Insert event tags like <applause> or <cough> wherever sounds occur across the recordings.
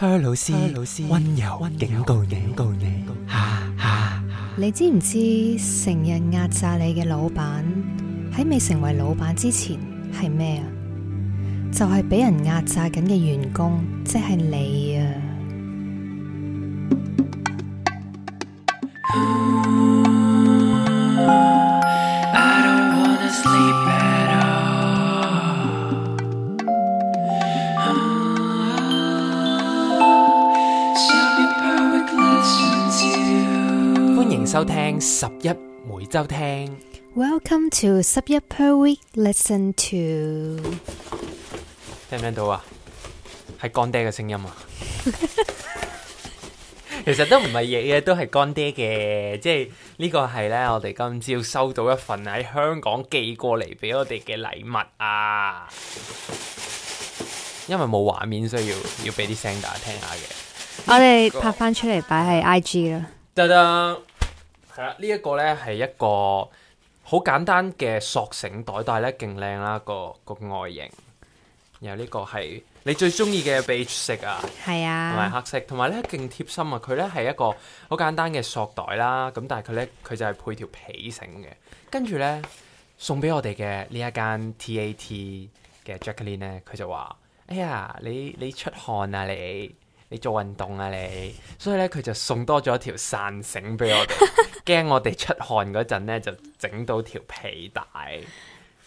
崔老師溫柔警告你吓吓！你知唔知成日壓榨你嘅老闆喺未成為老闆之前係咩啊？就係俾人壓榨緊嘅員工，即係你啊！收聽十一每周聽。Welcome to 十一 per week listen to。聽唔聽到啊？係乾爹嘅聲音啊！其實都唔係嘢嘅，都係乾爹嘅。即係呢個係咧，我哋今朝收到一份喺香港寄過嚟俾我哋嘅禮物啊！因為冇畫面，所以要要俾啲聲俾大家聽下嘅。我哋拍翻出嚟擺喺 IG 啦。得得。係啦，呢一個咧係一個好簡單嘅索繩袋，但係咧勁靚啦，個個外形。然後呢個係你最中意嘅 beige 色啊，係啊，同埋黑色，同埋咧勁貼心啊，佢咧係一個好簡單嘅索袋啦。咁但係佢咧佢就係配條皮繩嘅。跟住咧送俾我哋嘅呢一間 TAT 嘅 Jacqueline 咧，佢就話：哎呀，你你出汗啊，你你做運動啊，你，所以咧佢就送多咗一條散繩俾我哋。 <laughs> 驚我哋出汗嗰陣咧，就整到條皮帶，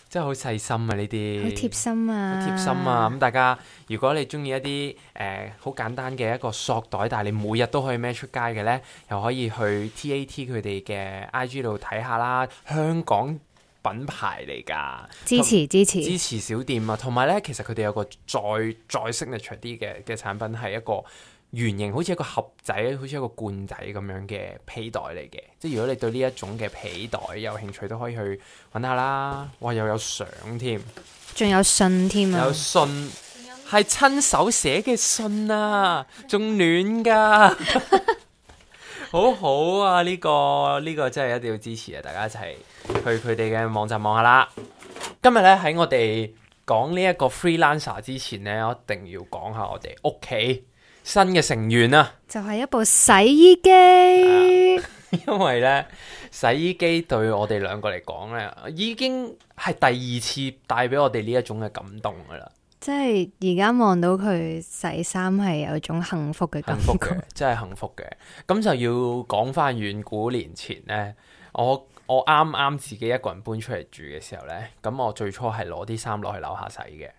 真係好細心啊！呢啲好貼心啊，貼心啊！咁、嗯、大家如果你中意一啲誒好簡單嘅一個索袋，但係你每日都可以孭出街嘅咧，又可以去 TAT 佢哋嘅 IG 度睇下啦。香港品牌嚟噶，支持和支持支持小店啊！同埋咧，其實佢哋有個再再 signature 啲嘅嘅產品係一個。圓形，好似一個盒仔，好似一個罐仔咁樣嘅皮袋嚟嘅。即係如果你對呢一種嘅皮袋有興趣，都可以去揾下啦。哇，又有相添，仲有信添啊！有信係親手寫嘅信啊，仲、啊、暖噶， <laughs> <laughs> 好好啊！呢、呢個呢、呢個真係一定要支持啊！大家一齊去佢哋嘅網站望下啦。今日呢，喺我哋講呢一個 Freelancer 之前呢，一定要講下我哋屋企，新嘅成員啊，就係一部洗衣機。啊，因為咧，洗衣機對我哋兩個嚟講咧，已經係第二次帶俾我哋呢一種嘅感動噶啦。即係而家望到佢洗衫係有一種幸福嘅感覺，真係幸福嘅。咁就要講翻遠古年前咧，我我啱啱自己一個人搬出嚟住嘅時候咧，咁我最初係攞啲衫落去樓下洗嘅。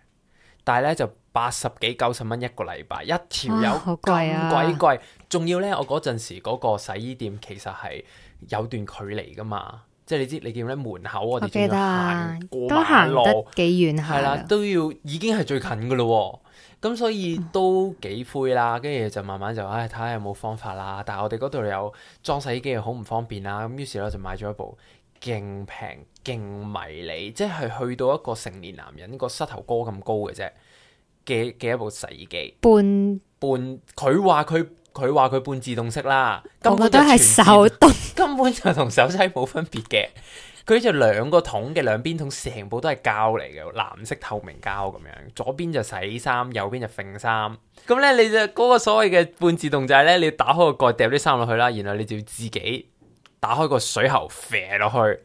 但係咧就八十幾九十蚊一個禮拜，一條友咁鬼貴，仲、啊啊、要咧我嗰陣時嗰個洗衣店其實係有段距離噶嘛，即係你知你見咧門口我哋仲要行過馬路，係啦都，都要已經係最近噶咯，哦，咁所以都幾灰啦，跟住就慢慢就唉睇下有冇方法啦。但係我哋嗰度有裝洗衣機又好唔方便啦，咁於是咧就買咗一部。勁平勁迷你，即係去到一個成年男人呢個膝頭哥咁高嘅啫，嘅嘅一部洗衣機。半半佢話佢佢話佢半自動式啦，根本都係手動，根本就同手洗冇分別嘅。佢 <laughs> 就兩個桶嘅兩邊桶，成部都係膠嚟嘅，藍色透明膠咁樣，左邊就洗衫，右邊就揈衫。咁咧，你就嗰、嗰個所謂嘅半自動就係咧，你打開個蓋，掉啲衫落去啦，然後你就要自己。打開個水喉，肥落去，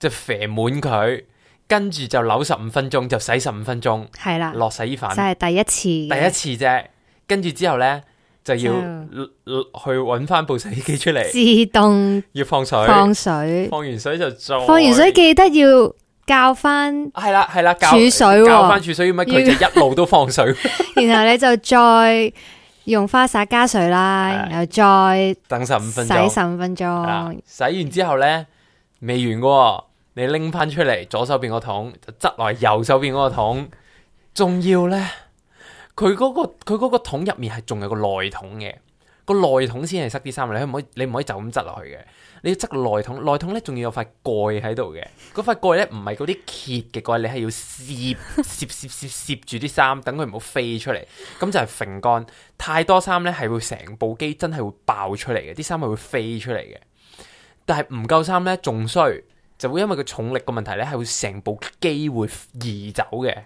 就肥滿佢，跟住就扭十五分鐘，就洗十五分鐘，係啦的，落洗衣粉，就係第一次，第一次啫。跟住之後呢，就要的去揾翻部洗衣機出嚟，自動要放水，放水，放完水就再放完水，記得要校翻、啊，係啦係啦，儲水校翻儲水，要乜佢就一路都放水， <laughs> 然後你就再。用花灑加水啦，然後再等十五分鐘，洗十五分鐘。洗完之後呢，未完嘅，哦，你拎翻出嚟，左手邊個桶執落右手邊嗰個桶，仲要呢，佢嗰個、佢嗰個桶入面係仲有個內桶嘅。個內筒先係塞啲衫，你唔可以，你唔可以就咁執落去嘅，你要執個內筒。內筒咧仲要有塊蓋喺度嘅，嗰塊蓋咧唔係嗰啲揭嘅蓋，你係要攝攝攝攝住啲衫，等佢唔好飛出嚟。咁就係揈乾。太多衫咧係會成部機真係會爆出嚟嘅，啲衫係會飛出嚟嘅。但係唔夠衫咧仲衰，就會因為個重力個問題咧係會成部機會移走嘅。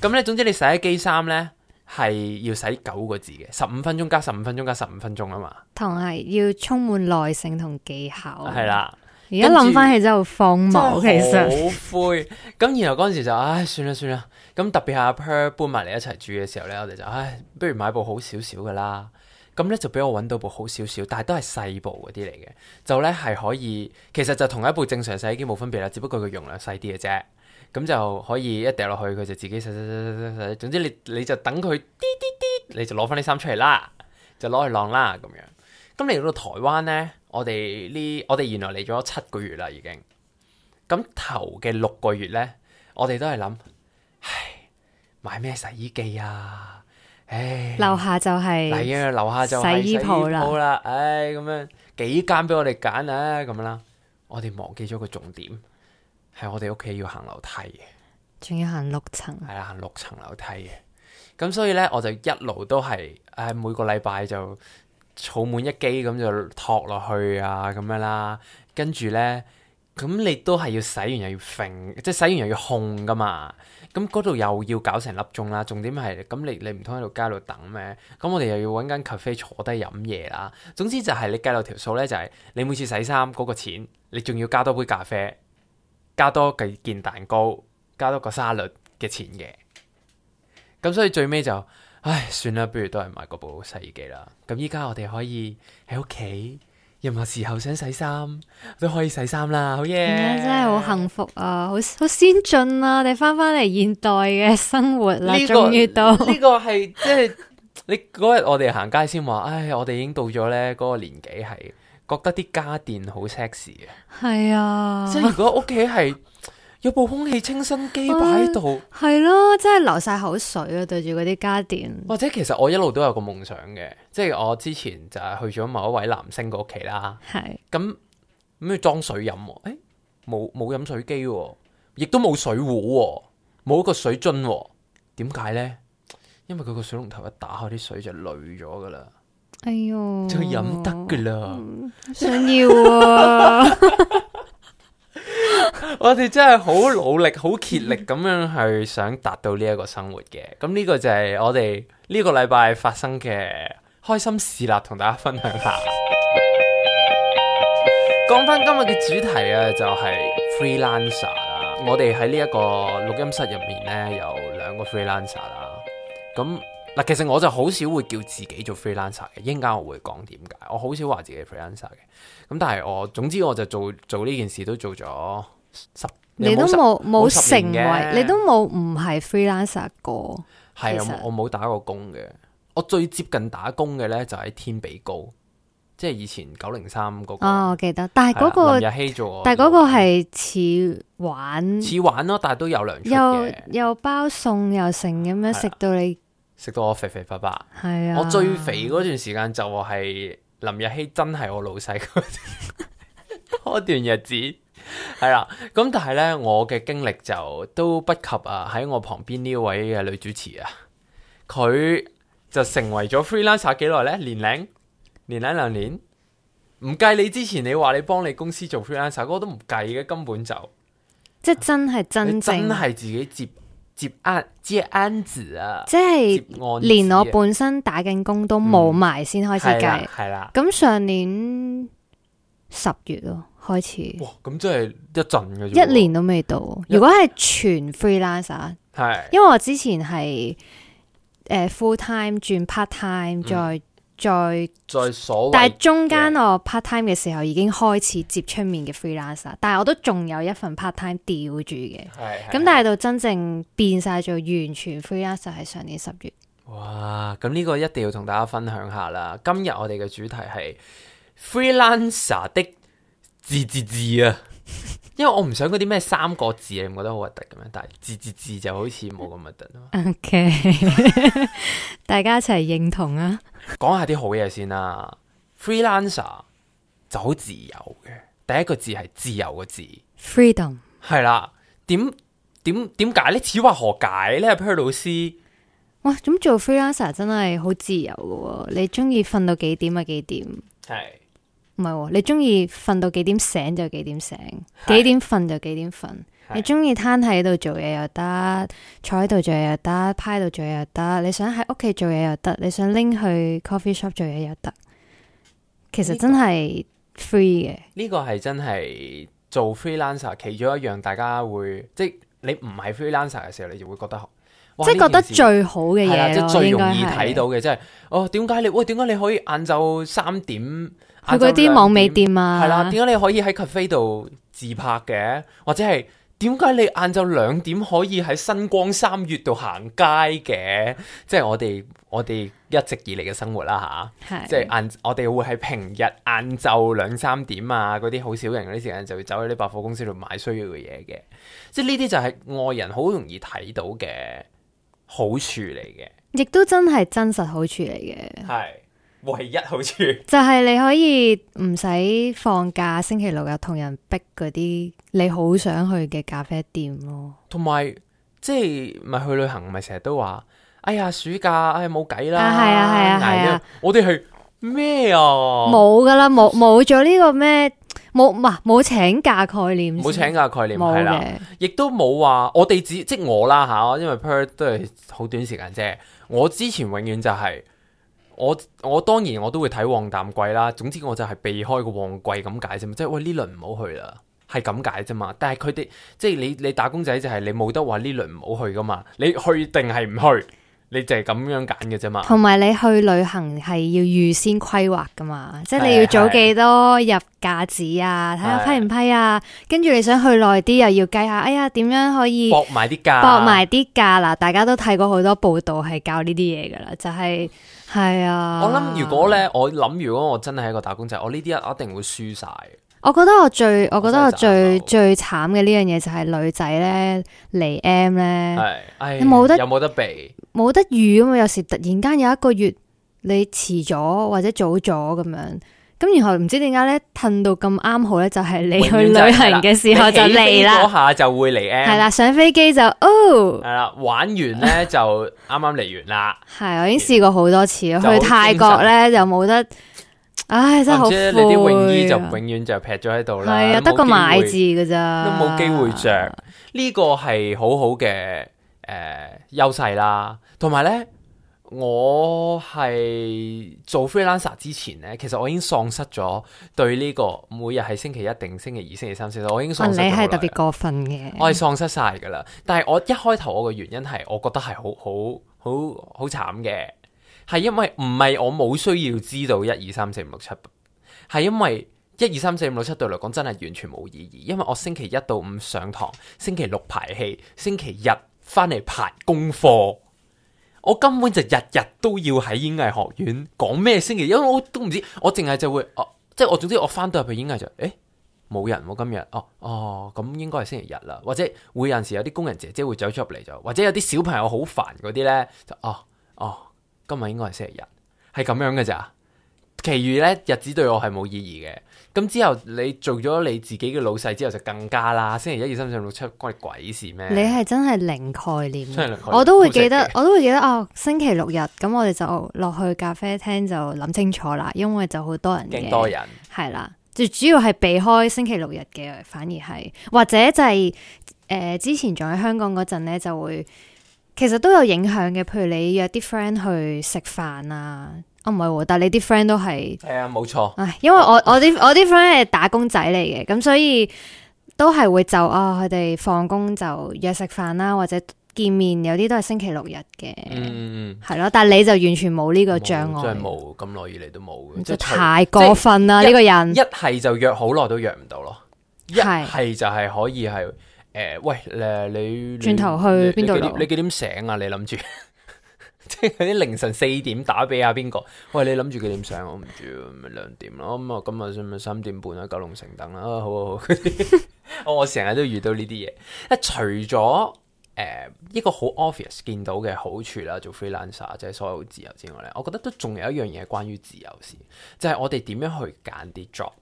咁咧總之你洗機衫咧。係要洗九個字嘅，十五分鐘加十五分鐘加十五分鐘啊嘛，同係要充滿耐性同技巧。係啦、啊，而家諗翻起就荒謬，著蜂蜂其實好灰。咁 <laughs> 然後嗰陣時就唉、哎，算啦算啦。咁特別係阿 Per 搬埋嚟一齊住嘅時候咧，我哋就唉、哎，不如買部好少少噶啦。咁咧就俾我搵到部好少少，但係都係細部嗰啲嚟嘅，就咧係可以，其實就同一部正常洗衣機冇分別啦，只不過佢容量細啲嘅啫。咁就可以一掉落去，佢就自己洗洗洗洗洗洗。總之你你就等佢滴滴滴，你就攞翻啲衫出嚟啦，就攞去晾啦咁樣。咁嚟到台灣咧，我哋呢，我哋原來嚟咗七個月啦已經。咁頭嘅六個月咧，我哋都係諗，唉，買咩洗衣機啊？唉、哎，樓下就係，係、哎、啊，樓下就洗衣鋪啦，好啦，唉，咁樣幾間俾我哋揀啊，咁樣啦，我哋忘記咗個重點。係我哋屋企要行樓梯嘅，仲要行六層，係啦，行六層樓梯嘅。咁所以咧，我就一路都係誒、哎，每個禮拜就儲滿一機咁就托落去啊，咁樣啦。跟住咧，咁你都係要洗完又要揈，即係洗完又要烘噶嘛。咁嗰度又要搞成粒鐘啦。重點係咁，你你唔通喺度街度等咩？咁我哋又要揾間咖啡坐低飲嘢啦。總之就係你計落條數咧，就係、是、你每次洗衫嗰個錢，你仲要多加多杯咖啡，加多幾件蛋糕，加多個沙律嘅錢嘅，咁所以最尾就，唉，算啦，不如都係買嗰部洗衣機啦。咁依家我哋可以喺屋企，任何時候想洗衫都可以洗衫啦，好嘢！真係好幸福啊，好好先進啊！我哋翻翻嚟現代嘅生活啦，終遇、這個、到呢、這個係即係，這個就是、 <laughs> 你嗰日我哋行街先話，唉，我哋已經到咗咧嗰個年紀係。覺得啲家電好 sexy 嘅，係是啊！即係如果屋企係有部空氣清新機擺喺度，係咯、啊，即係、啊、流晒口水啊！對住嗰啲家電，或者其實我一路都有個夢想嘅，即係我之前就係去咗某一位男星嘅屋企啦。係咁咩裝水飲、啊？誒、欸，冇冇飲水機、啊，亦都冇水壺、啊，冇一個水樽、啊，點解呢？因為佢個水龍頭一打開啲水就濾咗㗎喇。哎呦，就飲得噶啦！想要啊！ <laughs> <laughs> 我哋真係好努力、好竭力咁樣去想達到呢一個生活嘅，咁呢個就係我哋呢個禮拜發生嘅開心事啦，同大家分享下。講翻 <music> 今日嘅主題啊，就係 Freelancer 啦。我哋喺呢一個錄音室入面呢，有兩個 Freelancer 啦，咁。嗱，其實我就好少會叫自己做 freelancer 嘅，陣間我會講點解，我好少話自己 freelancer 嘅。咁、嗯、但係我總之我就做做呢件事都做咗十，你都冇冇十成為，你都冇唔係 freelancer 過。係實啊，我冇打過工嘅，我最接近打工嘅咧就喺、是、天比高，即係以前九零三嗰個。哦，我記得，但係、那、嗰個、啊、林日曦做、但係、那、嗰個係似玩，似玩咯，但係都有糧出，又包餸又成咁樣食到你。食到我肥肥白白，係啊！我最肥嗰段時間就係林日曦真係我老細嗰段， <laughs> 段日子，係啦、啊。咁但係呢，我嘅經歷就都不及啊！喺我旁邊呢位嘅女主持啊，佢就成為咗 freelancer 幾耐呢？年齡，年齡兩年，唔計你之前你話你幫你公司做 freelancer，我都唔計嘅，根本就即係真係真正，真係自己接。接安接安子啊，即係連我本身打緊工都冇埋先開始計，係啦。咁上年十月咯開始，哇！咁即係一陣嘅啫，一年都未到。一如果係全 freelancer，係的因為我之前係誒、呃、full time 轉 part time 再、嗯。在在最所，但係中間我 part time 嘅時候已經開始接出面嘅 freelancer，但係我都仲有一份 part time 吊住嘅，咁是的 但係到真正變晒做完全 freelancer 係上年十月。哇！咁呢個一定要同大家分享下啦。今日我哋嘅主題係 freelancer 的自自自啊！因為我唔想嗰啲咩三個字，你唔覺得好核突咁樣，但係字字字就好似冇咁核突咯。OK， <laughs> 大家一齊認同啊！講下啲好嘢先啦，freelancer 就好自由嘅，第一個字係自由嘅字，freedom 係啦。點點點解呢？此話何解呢？Peter 老師，哇！咁做 freelancer 真係好自由嘅、哦，你中意瞓到幾點啊？幾點係？唔係、哦，你中意瞓到幾點醒就幾點醒，是幾點瞓就幾點瞓。是你中意攤喺度做嘢又得，坐喺度做嘢又得，趴喺度做嘢又得。你想喺屋企做嘢又得，你想拎去 coffee shop 做嘢又得。其實真係 free 嘅、這個。呢的個係真係做 freelancer 其中一樣，大家會即你唔係 freelancer 嘅時候，你就會覺得即係覺得最好嘅嘢咯。應該係。最容易睇到嘅即係哦，點解你喂？點解你可以晏晝三點？去嗰啲網美店啊，係啦。點解你可以喺咖啡度自拍嘅？或者係點解你晏晝兩點可以喺新光三越度行街嘅？即係我哋我哋一直以嚟嘅生活啦，吓、啊是啊。即係晏我哋會喺平日晏晝兩三點啊，嗰啲好少人嗰啲時間，就會走去啲百貨公司度買需要嘅嘢嘅。即係呢啲就係外人好容易睇到嘅好處嚟嘅，亦都真係真實好處嚟嘅。係。唯一好處 <laughs> 就係你可以唔使放假，星期六日同人逼嗰啲你好想去嘅咖啡店咯、哦。同埋即係咪去旅行咪成日都話，哎呀暑假哎冇計啦。係啊係啊係啊！我哋係咩啊？冇噶啦，冇冇咗呢、啊啊、個咩冇？唔冇、啊、請，請假概念。冇請假概念係啦，亦都冇話我哋只即我啦吓，因為 per 都係好短時間啫。我之前永遠就係、是。我我當然我都會睇旺淡季啦，總之我就係避開個旺季咁解啫嘛，即係喂呢輪唔好去啦，係咁解啫嘛。但係佢哋即係你你打工仔就係你冇得話呢輪唔好去噶嘛，你去定係唔去？你就係咁樣揀嘅啫嘛，同埋你去旅行係要預先規劃噶嘛，即係你要早幾多入假紙啊，睇下批唔批啊，跟住你想去耐啲又要計下，哎呀點樣可以搏埋啲價，搏埋啲價啦，大家都睇過好多報道係教呢啲嘢噶啦，就係係啊，我諗如果咧，我諗如果我真係一個打工仔，我呢啲一定會輸晒。我覺得我最，我覺得我最最慘嘅呢樣嘢就係女仔咧嚟 M 咧，你冇得有冇得避？冇得預啊嘛，有時突然間有一個月你遲咗或者早咗咁樣，咁然後唔知點解咧，褪到咁啱好咧，就係你去旅行嘅時候就嚟啦。嗰下就會嚟誒，係啦，上飛機就哦，係啦，玩完咧就啱啱嚟完啦。係，我已經試過好多次， <laughs> 去泰國咧就冇得，唉，真係好灰。你啲泳衣就永遠就劈咗喺度啦，係啊的，得個買字噶咋，都冇機會着。呢 <laughs> 個係好好嘅。誒，優勢啦，同埋呢，我係做 freelancer 之前呢，其實我已經喪失咗對呢、這個每日係星期一、定星、星期二、星期三、星期四我已經喪失、啊。你係特別過分嘅，我係喪失晒噶啦。但係我一開頭我個原因係，我覺得係好好好好慘嘅，係因為唔係我冇需要知道一二三四五六七，係因為一二三四五六七對我嚟講真係完全冇意義，因為我星期一到五上堂，星期六排戲，星期日翻嚟排功課，我根本就日日都要喺演藝學院，講咩星期，因為我都唔知，我淨係就會哦，即係我總之我翻到入去演藝就，誒冇，欸，人喎，今日，哦哦，咁應該係星期日啦，或者會有陣時有啲工人姐姐會走出嚟就，或者有啲小朋友好煩嗰啲咧，就哦哦，今日應該係星期日，係咁樣嘅咋，其餘咧，日子對我係冇意義嘅。咁之後你做咗你自己嘅老細之後就更加啦，星期一、二、三、四、六、七關你鬼事咩？你係真係零,零概念，我都，我都會記得，我都會記得哦。星期六日咁我哋就落去咖啡廳就諗清楚啦，因為就好多人嘅，係啦，就主要係避開星期六日嘅，反而係或者就係、是、誒、呃、之前仲喺香港嗰陣咧，就會其實都有影響嘅，譬如你約啲 friend 去食飯啊。唔係、哦，但係你啲 friend 都係，係啊、嗯，冇錯。唉，因為我我啲我啲 friend 係打工仔嚟嘅，咁所以都係會就啊佢哋放工就約食飯啦，或者見面，有啲都係星期六日嘅，嗯，係咯。但係你就完全冇呢個障礙，嗯、真係冇咁耐以嚟都冇嘅，即係是是太過分啦呢是個人。一係就約好耐都約唔到咯，的一係就係可以係誒、呃、喂誒、呃、你轉頭去邊度？你幾點醒啊？你諗住？即係啲凌晨四點打俾阿邊個？喂，你諗住幾點上？我唔知，咪兩點咯。咁啊，今日咪三點半喺九龍城等啦。啊，好啊好，好。 <laughs> 我成日都遇到呢啲嘢。除咗誒、呃，一個好 obvious 見到嘅好處啦，做 freelancer 即係所有自由之外咧，我覺得都仲有一樣嘢關於自由先，就係、是、我哋點樣去揀啲 job。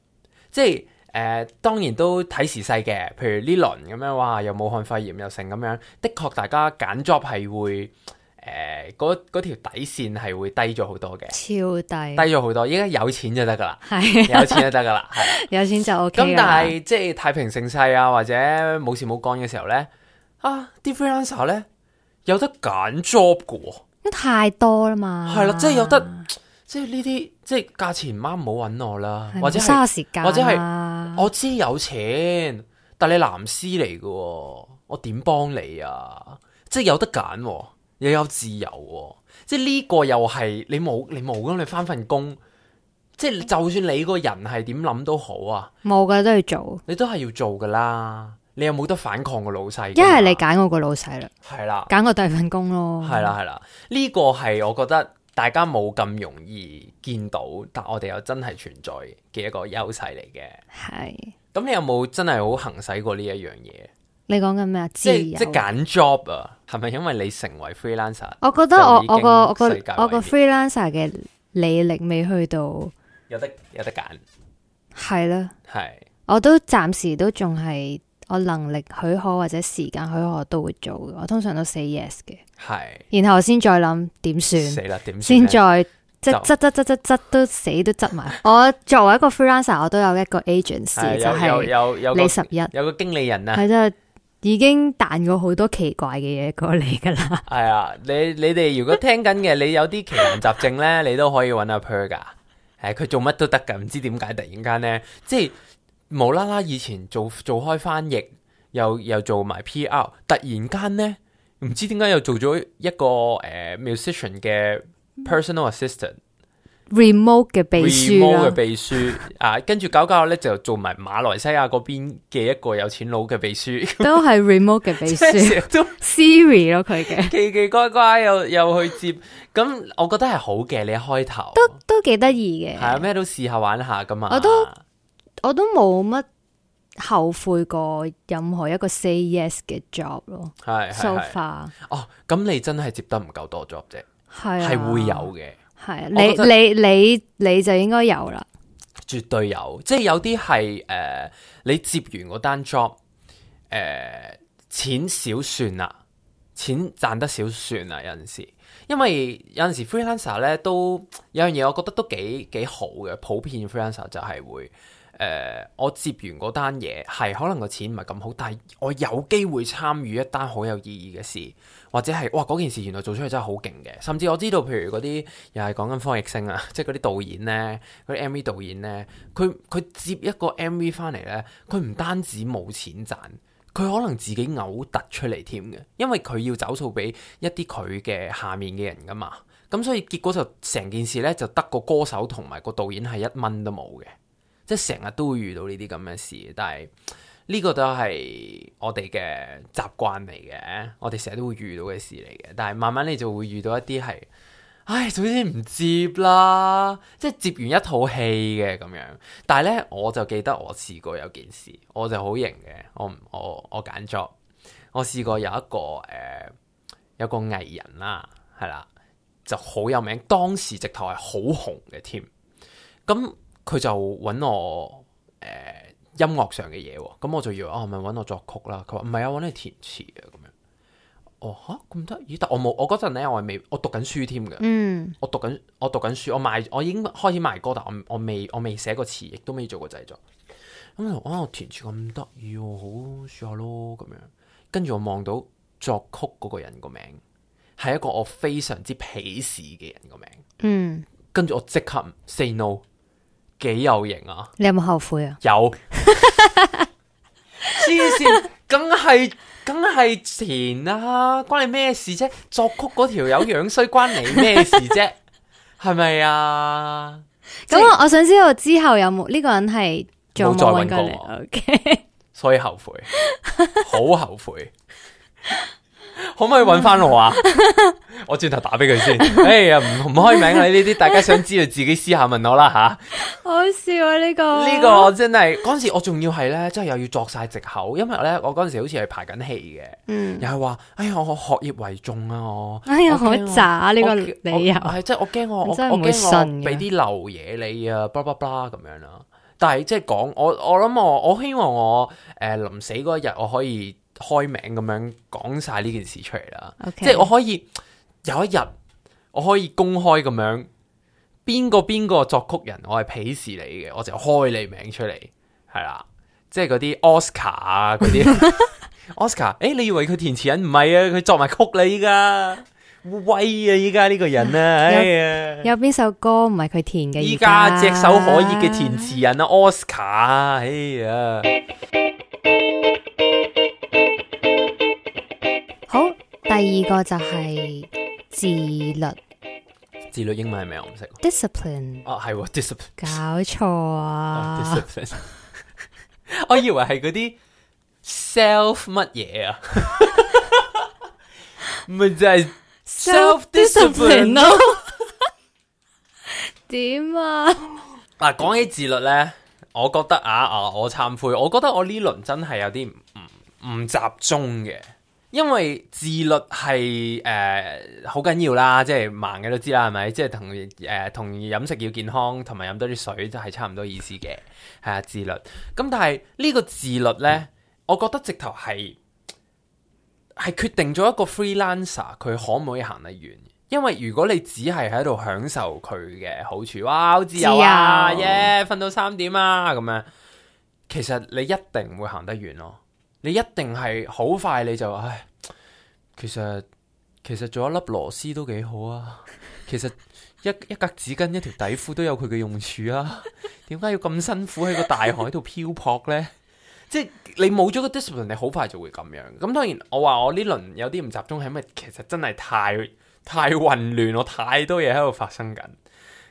即係誒、呃，當然都睇時勢嘅。譬如呢輪咁樣，哇，又武漢肺炎又成咁樣，的確大家揀 job 係會。誒，嗰嗰條底線係會低咗好多嘅，超低，低咗好多。依家有錢就得噶啦，係 <laughs> 有錢就得噶啦，係 <laughs> 有錢就 O K。咁但係即係太平盛世啊，或者冇事冇幹嘅時候咧，啊，啲 freelancer 咧有得揀 job 嘅，太多啦嘛。係啦，即係有得，即係呢啲，即係價錢唔啱，唔好揾我啦，的或者係，嘥時間啊、或者係，我知有錢，但係你藍絲嚟嘅，我點幫你啊？即係有得揀、啊。又有自由喎、哦，即係呢個又係你冇你冇咁你翻份工，即係就算你個人係點諗都好啊，冇噶都要做，你都係要做噶啦，你有冇得反抗個老細？因為你揀我個老細啦，係啦，揀我第二份工咯，係啦，係啦，呢、這個係我覺得大家冇咁容易見到，但我哋又真係存在嘅一個優勢嚟嘅，係是。咁你有冇真係好行使過呢一樣嘢？你講緊咩啊？即係揀 job 啊？係咪因為你成為 freelancer？我覺得我我個我個我個 freelancer 嘅履歷未去到，有得有得揀，係咯，係。我都暫時都仲係我能力許可或者時間許可，我都會做嘅。我通常都 say yes 嘅，係。然後先再諗點算，死啦點先再即係執執執執執都死都執埋。我作為一個 freelancer，我都有一個 agency，就係有有有個十一有個經理人啊，係真係。已經彈過好多奇怪嘅嘢過嚟噶啦。係啊，你你哋如果聽緊嘅，你有啲奇難雜症咧，你都可以揾阿 Per 噶。誒，佢做乜都得噶，唔知點解突然間咧，即係無啦啦，以前做做開翻譯，又又做埋 PR，突然間咧，唔知點解又做咗一個誒 musician 嘅 personal assistant。remote 嘅秘書嘅秘書，啊，跟住搞搞咧就做埋馬來西亞嗰邊嘅一個有錢佬嘅秘書， <laughs> 都係 remote 嘅秘書， <laughs> 都 siri 咯，佢嘅奇奇怪怪又又去接，咁我覺得係好嘅，你一開頭都都幾得意嘅，係啊，咩都試下玩下噶嘛我，我都我都冇乜後悔過任何一個 say yes 嘅 job 咯，係 so far 哦，咁你真係接得唔夠多 job 啫，係係會有嘅。 <laughs> 係，你你你你就應該有啦，絕對有，即係有啲係誒，你接完嗰單 job，誒，錢少算啦，錢賺得少算啦，有陣時，因為有陣時 freelancer 咧都有樣嘢，我覺得都幾幾好嘅，普遍 freelancer 就係會。誒、呃，我接完嗰單嘢，係可能個錢唔係咁好，但係我有機會參與一單好有意義嘅事，或者係哇嗰件事原來做出嚟真係好勁嘅。甚至我知道，譬如嗰啲又係講緊方力星啊，即係嗰啲導演呢，嗰啲 M V 導演呢，佢佢接一個 M V 翻嚟呢，佢唔單止冇錢賺，佢可能自己嘔凸出嚟添嘅，因為佢要走數俾一啲佢嘅下面嘅人噶嘛。咁所以結果就成件事呢，就得個歌手同埋個導演係一蚊都冇嘅。即係成日都會遇到呢啲咁嘅事，但係呢、呢個都係我哋嘅習慣嚟嘅，我哋成日都會遇到嘅事嚟嘅。但係慢慢你就會遇到一啲係，唉，總之唔接啦，即係接完一套戲嘅咁樣。但係呢，我就記得我試過有件事，我就好型嘅，我我我揀咗，我試過有一個誒、呃，有個藝人啦，係啦，就好有名，當時直頭係好紅嘅添，咁。佢就揾我誒、欸，音樂上嘅嘢咁，我就以為、啊、要哦，係咪揾我作曲啦。佢話唔係啊，揾你填詞啊，咁樣哦吓，咁得意，但我冇我嗰陣咧，我未我讀緊書添嘅，嗯，我讀緊我讀緊書，我賣我已經開始賣歌，但我我未我未寫過詞，亦都未做過製作咁我、啊、填詞咁得意，好試下咯咁樣。跟住我望到作曲嗰個人個名係一個我非常之鄙視嘅人個名，嗯，跟住我即刻 say no。幾有型啊！你有冇後悔啊？有黐線，梗係梗係前啊，關你咩事啫？作曲嗰條友樣衰，關你咩事啫？係咪 <laughs> 啊？咁即我想知道之後有冇呢個人係冇再搵過你，所以後悔，好後悔。 <laughs> 可唔可以搵翻我啊？ <laughs> 我轉頭打俾佢先。哎呀，唔唔開名啊！呢啲，大家想知道自己私下問我啦吓。啊、好笑啊！呢、這個呢個真係嗰陣時，我仲要係咧，真係又要作晒藉口，因為咧，我嗰陣時好似係排緊戲嘅，嗯，又係話，哎呀，我學業為重啊，我哎呀呦，好渣呢個理由，係即係我驚我我我驚我俾啲流嘢你啊，叭叭叭咁樣啦，啊。但係即係講我我諗我我，我希望我誒臨、呃、死嗰日我可以。開名咁樣講晒呢件事出嚟啦，Okay. 即係我可以有一日，我可以公開咁樣，邊個邊個作曲人，我係鄙視你嘅，我就開你名出嚟，係啦，即係嗰啲 Oscar 啊，嗰啲 Oscar，誒、 <laughs> <laughs> 欸，你以為佢填詞人唔係啊，佢作埋曲你依家，威啊依家呢個人啊，有邊首歌唔係佢填嘅、啊？依家隻手可以嘅填詞人啊，Oscar，哎呀、欸啊。第二個就係自律，自律英文係咩？我唔識。Discipline。哦、啊，係，discipline、啊。Dis 搞錯啊！Oh, <laughs> 我以為係嗰啲 self 乜嘢啊？咪就係 self discipline 咯？點 <laughs> 啊？嗱、啊，講起自律咧，我覺得啊啊，我懺悔,悔，我覺得我呢輪真係有啲唔唔集中嘅。因為自律係誒好緊要啦，即係盲嘅都知啦，係咪？即係同誒、呃、同飲食要健康，同埋飲多啲水，就係差唔多意思嘅。係啊，自律。咁但係呢個自律呢，嗯、我覺得直頭係係決定咗一個 freelancer 佢可唔可以行得遠。因為如果你只係喺度享受佢嘅好處，哇！好自由啊，啊，啊 yeah，瞓到三點啊，咁、嗯、樣，其實你一定唔會行得遠咯、啊。你一定係好快，你就唉，其實其實做一粒螺絲都幾好啊，其實一一格紙巾、一條底褲都有佢嘅用處啊，點解要咁辛苦喺個大海度漂泊呢？ <laughs> 即係你冇咗個 discipline，c 你好快就會咁樣。咁當然，我話我呢輪有啲唔集中係咪？其實真係太太混亂我太多嘢喺度發生緊。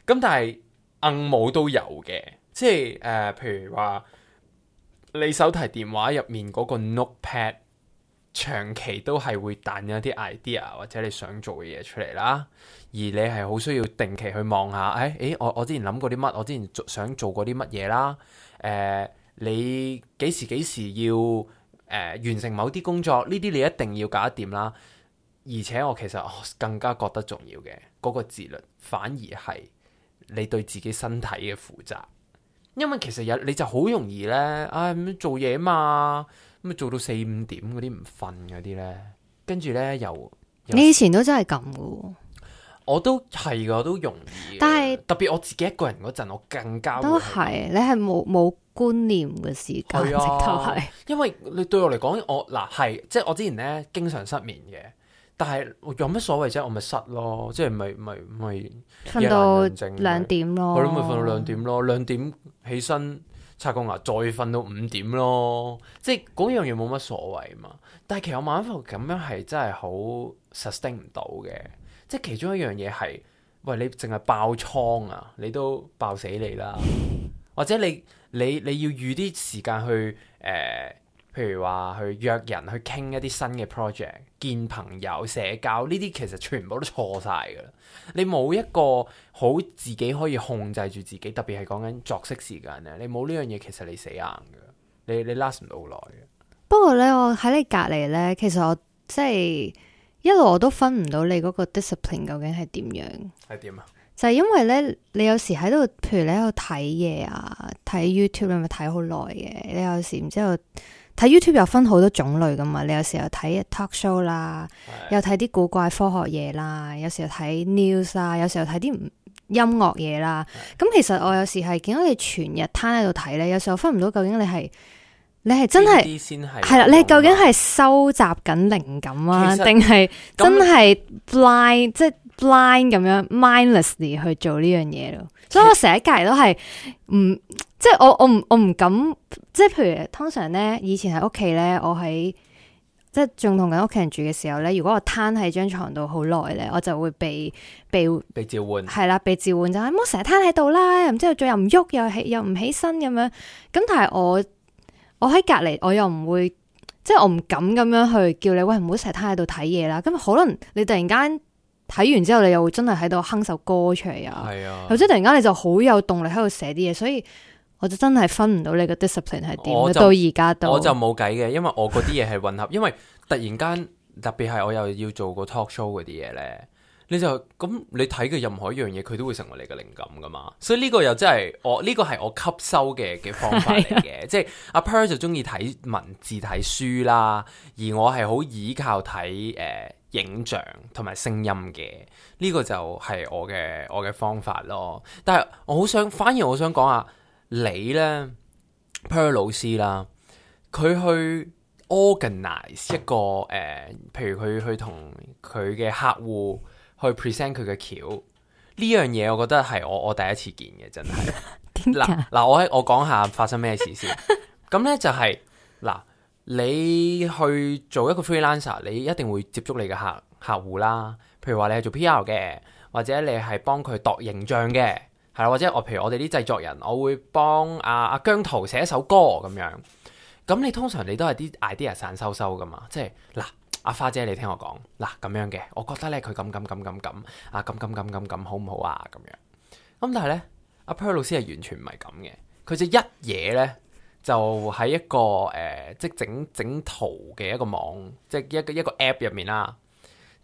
咁但係硬舞都有嘅，即係、呃、譬如話。你手提電話入面嗰個 note pad，長期都係會彈咗啲 idea 或者你想做嘅嘢出嚟啦。而你係好需要定期去望下，誒、哎、誒、欸,我我之前諗過啲乜，我之前想做過啲乜嘢啦。誒、呃，你幾時幾時要誒、呃、完成某啲工作？呢啲你一定要搞得掂啦。而且我其實更加覺得重要嘅，嗰、嗰個自律，反而係你對自己身體嘅負責。因為其實有你就好容易咧，唉、哎、做嘢嘛，咁啊做到四五點嗰啲唔瞓嗰啲咧，跟住咧又你以前都真係咁噶我都係噶我都容易。但係是特別我自己一個人嗰陣，我更加都係。你係冇冇觀念嘅時間，的直都係。因為你對我嚟講，我嗱係，即係我之前咧經常失眠嘅。但係有乜所謂啫？我咪失咯，即係咪咪咪瞓到兩點咯，我諗咪瞓到兩點咯。兩點起身刷個牙，再瞓到五點咯。即係嗰樣嘢冇乜所謂嘛。但係其實我萬一做咁樣係真係好 sustain 唔到嘅。即係其中一樣嘢係，喂，你淨係爆倉啊，你都爆死你啦。或者你你你要預啲時間去誒。呃譬如話去約人去傾一啲新嘅 project、見朋友、社交呢啲，其實全部都錯晒噶啦！你冇一個好自己可以控制住自己，特別係講緊作息時間咧，你冇呢樣嘢，其實你死硬噶，你你 last 唔到好耐嘅。不過咧，我喺你隔籬咧，其實我即係一路我都分唔到你嗰個 discipline 究竟係點樣。係點啊？就係因為咧，你有時喺度，譬如你喺度睇嘢啊，睇 YouTube 你咪睇好耐嘅。你有時唔知道睇 YouTube 又分好多種類噶嘛，你有時候睇 talk show 啦，又睇啲古怪科學嘢啦，有時候睇 news 啊，有時候睇啲音樂嘢啦。咁的其實我有時係見到你全日攤喺度睇咧，有時候分唔到究竟你係你係真係，係啦，你究竟係收集緊靈感啊，定係實真係 fly 那即係？Blind 咁樣 mindlessly 去做呢樣嘢咯， <laughs> 所以我成日隔籬都係唔即係我我唔我唔敢即係，譬如通常咧以前喺屋企咧我喺即係仲同緊屋企人住嘅時候咧，如果我攤喺張床度好耐咧，我就會被被被召喚，係啦，被召喚就唔好成日攤喺度啦，又唔知道又唔喐又起又唔起身咁樣，咁但係我我喺隔籬我又唔會即係我唔敢咁樣去叫你喂，唔好成日攤喺度睇嘢啦，咁可能你突然間。睇完之後你又會真係喺度哼首歌出嚟是啊，或者突然間你就好有動力喺度寫啲嘢，所以我就真係分唔就到你個 discipline c 係點到而家都，我就冇計嘅，因為我嗰啲嘢係混合。 <laughs> 因為突然間特別係我又要做個 talk show 嗰啲嘢咧，你就咁、嗯、你睇嘅任何一樣嘢佢都會成為你嘅靈感噶嘛，所以呢個又真、就、係、是、我呢、這個係我吸收嘅嘅方法嚟嘅。 <laughs> 即係阿 Per 就中意睇文字睇書啦，而我係好依靠睇誒。Uh, 影像同埋聲音嘅呢、這個就係我嘅我嘅方法咯。但係我好想，反而我想講下你呢 Per 老師啦，佢去 organize 一個誒、呃，譬如佢去同佢嘅客戶去 present 佢嘅橋呢樣嘢，我覺得係我我第一次見嘅，真係。嗱嗱，我我講下發生咩事先。咁 <laughs> 呢就係、是、嗱。你去做一個 freelancer，你一定會接觸你嘅客戶客戶啦。譬如話你係做 PR 嘅，或者你係幫佢度形象嘅，係啦，或者我譬如我哋啲製作人，我會幫阿阿姜濤寫一首歌咁樣。咁你通常你都係啲 idea 散修修噶嘛？即係嗱，阿、啊、花姐你聽我講，嗱咁樣嘅，我覺得咧佢咁咁咁咁咁，啊咁咁咁咁咁好唔好啊？咁樣。咁但係咧，阿 Pearl 老師係完全唔係咁嘅，佢就一嘢咧。就喺一個誒、呃，即整整圖嘅一個網，即係一個一個 app 入面啦，啊，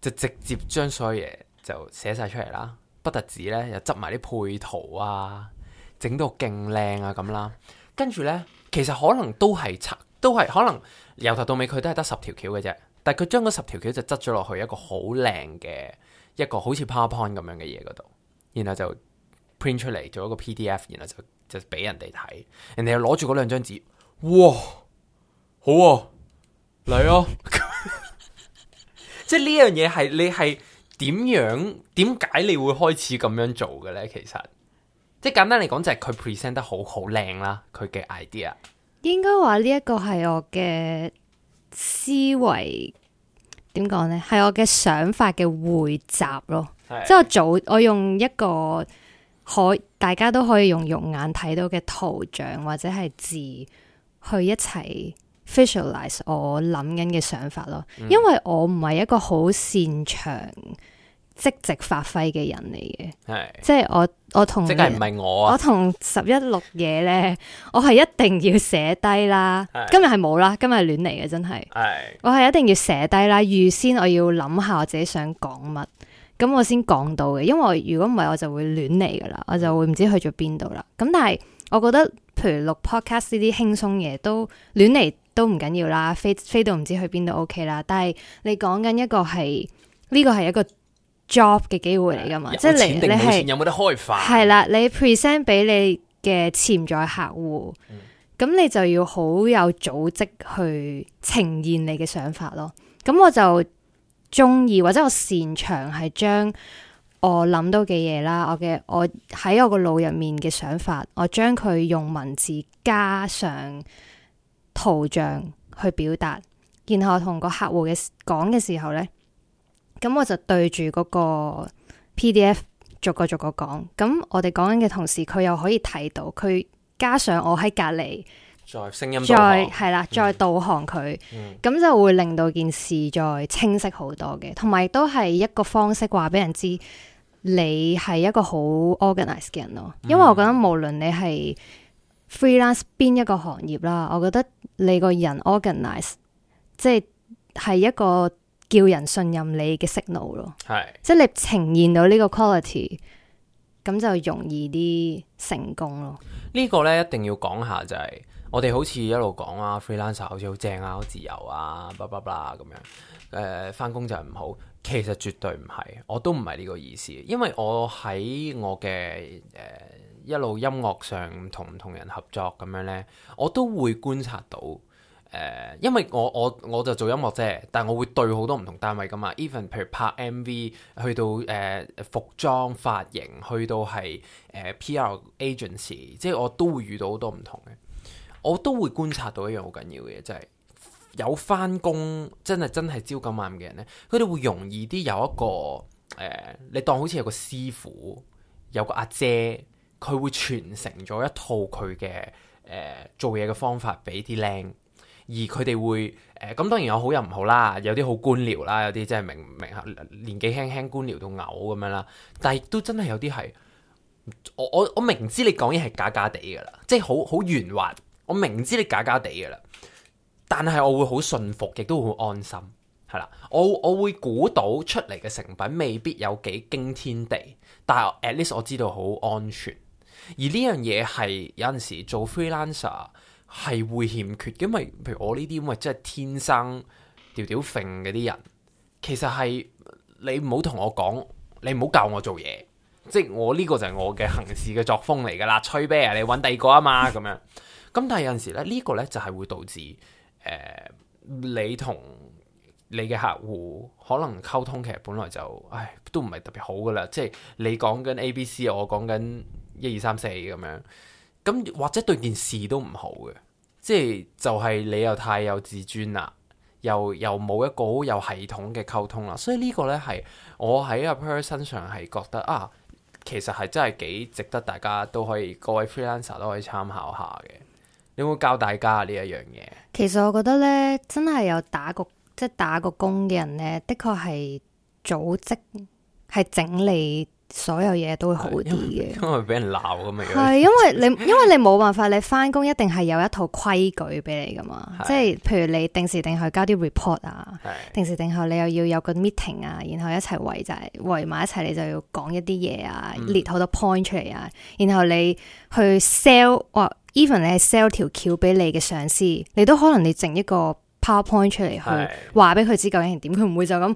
就直接將所有嘢就寫晒出嚟啦。不得止咧又執埋啲配圖啊，整到勁靚啊咁啦。跟住咧，其實可能都係拆，都係可能由頭到尾佢都係得十條橋嘅啫。但係佢將嗰十條橋就執咗落去一個好靚嘅一個好似 PowerPoint 咁樣嘅嘢嗰度，然後就 print 出嚟做一個 PDF，然後就。就俾人哋睇，人哋又攞住嗰兩張紙，哇，好啊，嚟咯！ <laughs> 即係呢樣嘢係你係點樣？點解你會開始咁樣做嘅咧？其實，即係簡單嚟講，就係佢 present 得好好靚啦，佢嘅 idea 應該話呢一個係我嘅思維點講呢？係我嘅想法嘅匯集咯。的即係我早我用一個可。大家都可以用肉眼睇到嘅圖像或者係字去一齊 visualize 我諗緊嘅想法咯，嗯、因為我唔係一個好擅長積極揮是的 即席發揮嘅人嚟嘅，係即係我我同唔係我啊我，我同拾壹六嘢咧，我係一定要寫低啦，是的 啦。今日係冇啦，今日係亂嚟嘅真係，是的 我係一定要寫低啦。預先我要諗下我自己想講乜。咁我先講到嘅，因為如果唔係我就會亂嚟噶啦，我就會唔知去咗邊度啦。咁但係我覺得，譬如錄 podcast 呢啲輕鬆嘢都亂嚟都唔緊要啦，飛飛到唔知去邊都 OK 啦。但係你講緊一個係呢個係一個 job 嘅機會嚟噶嘛？有錢 即係你你係是有冇得開發？係啦，你 present 俾你嘅潛在客戶，咁、嗯、你就要好有組織去呈現你嘅想法咯。咁我就。中意或者我擅長係將我諗到嘅嘢啦，我嘅我喺我個腦入面嘅想法，我將佢用文字加上圖像去表達，然後同個客戶嘅講嘅時候呢，咁我就對住嗰個 PDF 逐個逐個講，咁我哋講緊嘅同時，佢又可以睇到佢加上我喺隔籬。再聲音，再係啦，再導航佢，咁、嗯、就會令到件事再清晰好多嘅，同埋都係一個方式話俾人知你係一個好 organized 嘅人咯。因為我覺得無論你係 freelance 邊一個行業啦，嗯、我覺得你個人 organize 即係係一個叫人信任你嘅 signal 咯是，係即係你呈現到呢個 quality。咁就容易啲成功咯。呢個呢，一定要講下、就係，就係我哋好似一路講啊，Freelancer 好似好正啊，好自由啊，巴拉巴拉咁樣。誒、呃，翻工就係唔好，其實絕對唔係，我都唔係呢個意思。因為我喺我嘅誒、呃、一路音樂上同唔同人合作咁樣呢，我都會觀察到。誒，因為我我我就做音樂啫，但係我會對好多唔同單位噶嘛。Even 譬如拍 MV，去到誒、呃、服裝、髮型，去到係誒、呃、PR agency，即係我都會遇到好多唔同嘅。我都會觀察到一樣好緊要嘅嘢，就係、是、有翻工真係真係朝九晚五嘅人咧，佢哋會容易啲有一個誒、呃，你當好似有個師傅有個阿姐，佢會傳承咗一套佢嘅誒做嘢嘅方法俾啲靚。而佢哋會誒咁，呃，當然有好有唔好啦。有啲好官僚啦，有啲真係明明明年紀輕輕官僚到嘔咁樣啦。但係都真係有啲係我我我明知你講嘢係假假地㗎啦，即係好好圓滑。我明知你假假地㗎啦，但係我會好信服，亦都好安心，係啦。我我會估到出嚟嘅成品未必有幾驚天地，但係 at least 我知道好安全。而呢樣嘢係有陣時做 Freelancer，係會欠缺，因為譬如我呢啲咁，咪真係天生吊吊揈嗰啲人，其實係你唔好同我講，你唔好教我做嘢，即係我呢個就係我嘅行事嘅作風嚟噶啦，吹啤啊，你揾第二個啊嘛咁樣。咁但係有陣時咧，呢個咧就係會導致，誒、呃，你同你嘅客戶可能溝通其實本來就，唉，都唔係特別好噶啦，即係你講緊 A、B、C，我講緊一二三四咁樣。咁或者對件事都唔好嘅，即係就係你又太有自尊啦，又又冇一個好有系統嘅溝通啦，所以呢個呢，係我喺阿 Pear 身上係覺得啊，其實係真係幾值得大家都可以各位 freelancer 都可以參考下嘅。你有冇教大家呢一樣嘢？其實我覺得呢，真係有打過即係打過工嘅人呢，的確係組織、係整理，所有嘢都會好啲嘅， <laughs> 因為俾人鬧咁樣。係因為你因為你冇辦法，你翻工一定係有一套規矩俾你噶嘛。 <laughs> 即係譬如你定時定候交啲 report 啊， <laughs> 定時定候你又要有個 meeting 啊，然後一齊圍就係圍埋一齊，你就要講一啲嘢啊，嗯、列好多 point 出嚟啊。然後你去 sell 或 even 你係 sell 條橋俾你嘅上司，你都可能你整一個 powerpoint 出嚟去話俾佢知究竟係點，佢唔會就咁。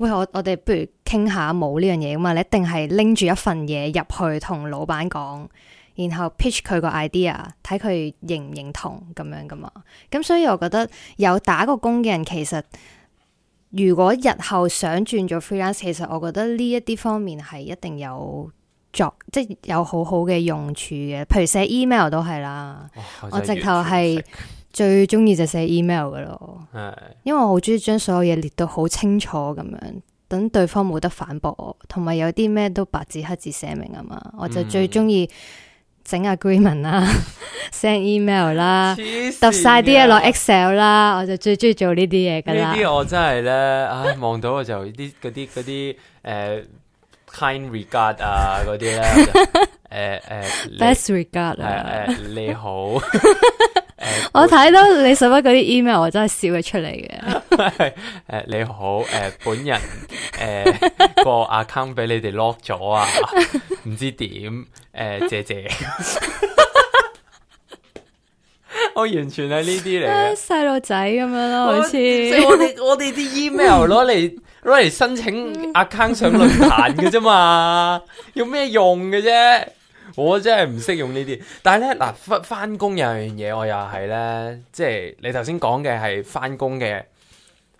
喂，我我哋不如傾下冇呢樣嘢啊嘛！你一定係拎住一份嘢入去同老闆講，然後 pitch 佢個 idea，睇佢認唔認同咁樣噶嘛？咁、嗯、所以我覺得有打過工嘅人，其實如果日後想轉做 freelance，其實我覺得呢一啲方面係一定有作，即係有好好嘅用處嘅。譬如寫 email 都係啦，哦、我，我直頭係。最中意就寫 email 噶咯，因為我好中意將所有嘢列到好清楚咁樣，等對方冇得反駁我，同埋有啲咩都白字黑字寫明啊嘛，我就最中意整下 agreement 啦，send email 啦，揼晒啲嘢落 excel 啦，我就最中意做呢啲嘢噶啦。呢啲我真係咧，啊望到我就啲啲嗰啲誒，kind regard 啊嗰啲咧，誒誒，best regard，你好。Uh, 我睇到你使乜嗰啲 email，我真係笑咗出嚟嘅。誒 <laughs> 你好，誒、呃、本人，誒、呃、 <laughs> 個 account 俾你哋 lock 咗啊，唔知點，誒謝謝。姐姐 <laughs> 我完全係呢啲嚟嘅，細路仔咁樣咯，好似我。 <laughs> 我哋我哋啲 email 攞嚟攞嚟申請 account 上論壇㗎啫嘛，有咩用嘅啫？我真係唔識用呢啲，但係咧嗱，翻翻工有一樣嘢我又係咧，即係你頭先講嘅係翻工嘅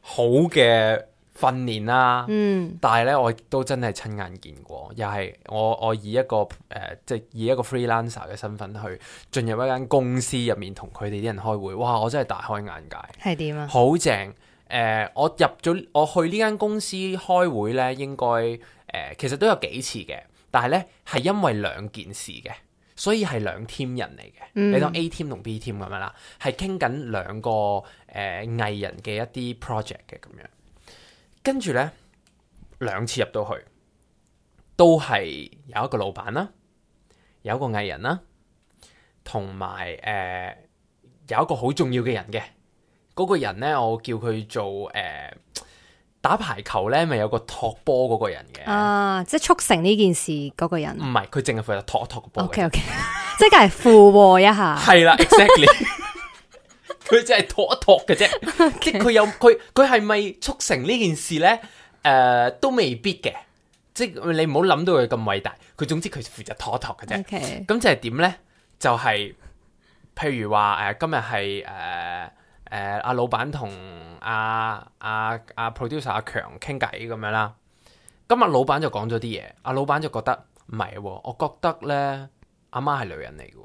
好嘅訓練啦。嗯，但係咧，我都真係親眼見過，又係我我以一個誒、呃、即係以一個 Freelancer 嘅身份去進入一間公司入面同佢哋啲人開會，哇！我真係大開眼界，係點啊？好正！誒、呃，我入咗我去呢間公司開會咧，應該誒、呃、其實都有幾次嘅。但係咧，係因為兩件事嘅，所以係兩 team 人嚟嘅。嗯、你當 A team 同 B team 咁樣啦，係傾緊兩個誒藝人嘅一啲 project 嘅咁樣。跟住咧，兩、呃、次入到去，都係有一個老闆啦，有一個藝人啦，同埋誒有一個好重要嘅人嘅。嗰、那個人咧，我叫佢做誒。呃打排球咧，咪有個托波嗰個人嘅啊！即係促成呢件事嗰個人，唔係佢淨係負責托一托個波。O K O K，即係附和一下。 <laughs> <laughs> 係啦，Exactly，佢 <laughs> <laughs> 只係托一托嘅啫。Okay. 即係佢有佢佢係咪促成呢件事咧？誒、呃，都未必嘅。即係你唔好諗到佢咁偉大。佢總之佢負責托托嘅啫。O Okay .咁就係點咧？就係、是、譬如話誒、呃呃，今日係誒。呃誒阿、呃、老闆同阿阿阿 producer 阿強傾偈咁樣啦，今日老闆就講咗啲嘢，阿老闆就覺得唔係喎，我覺得咧阿媽係女人嚟嘅，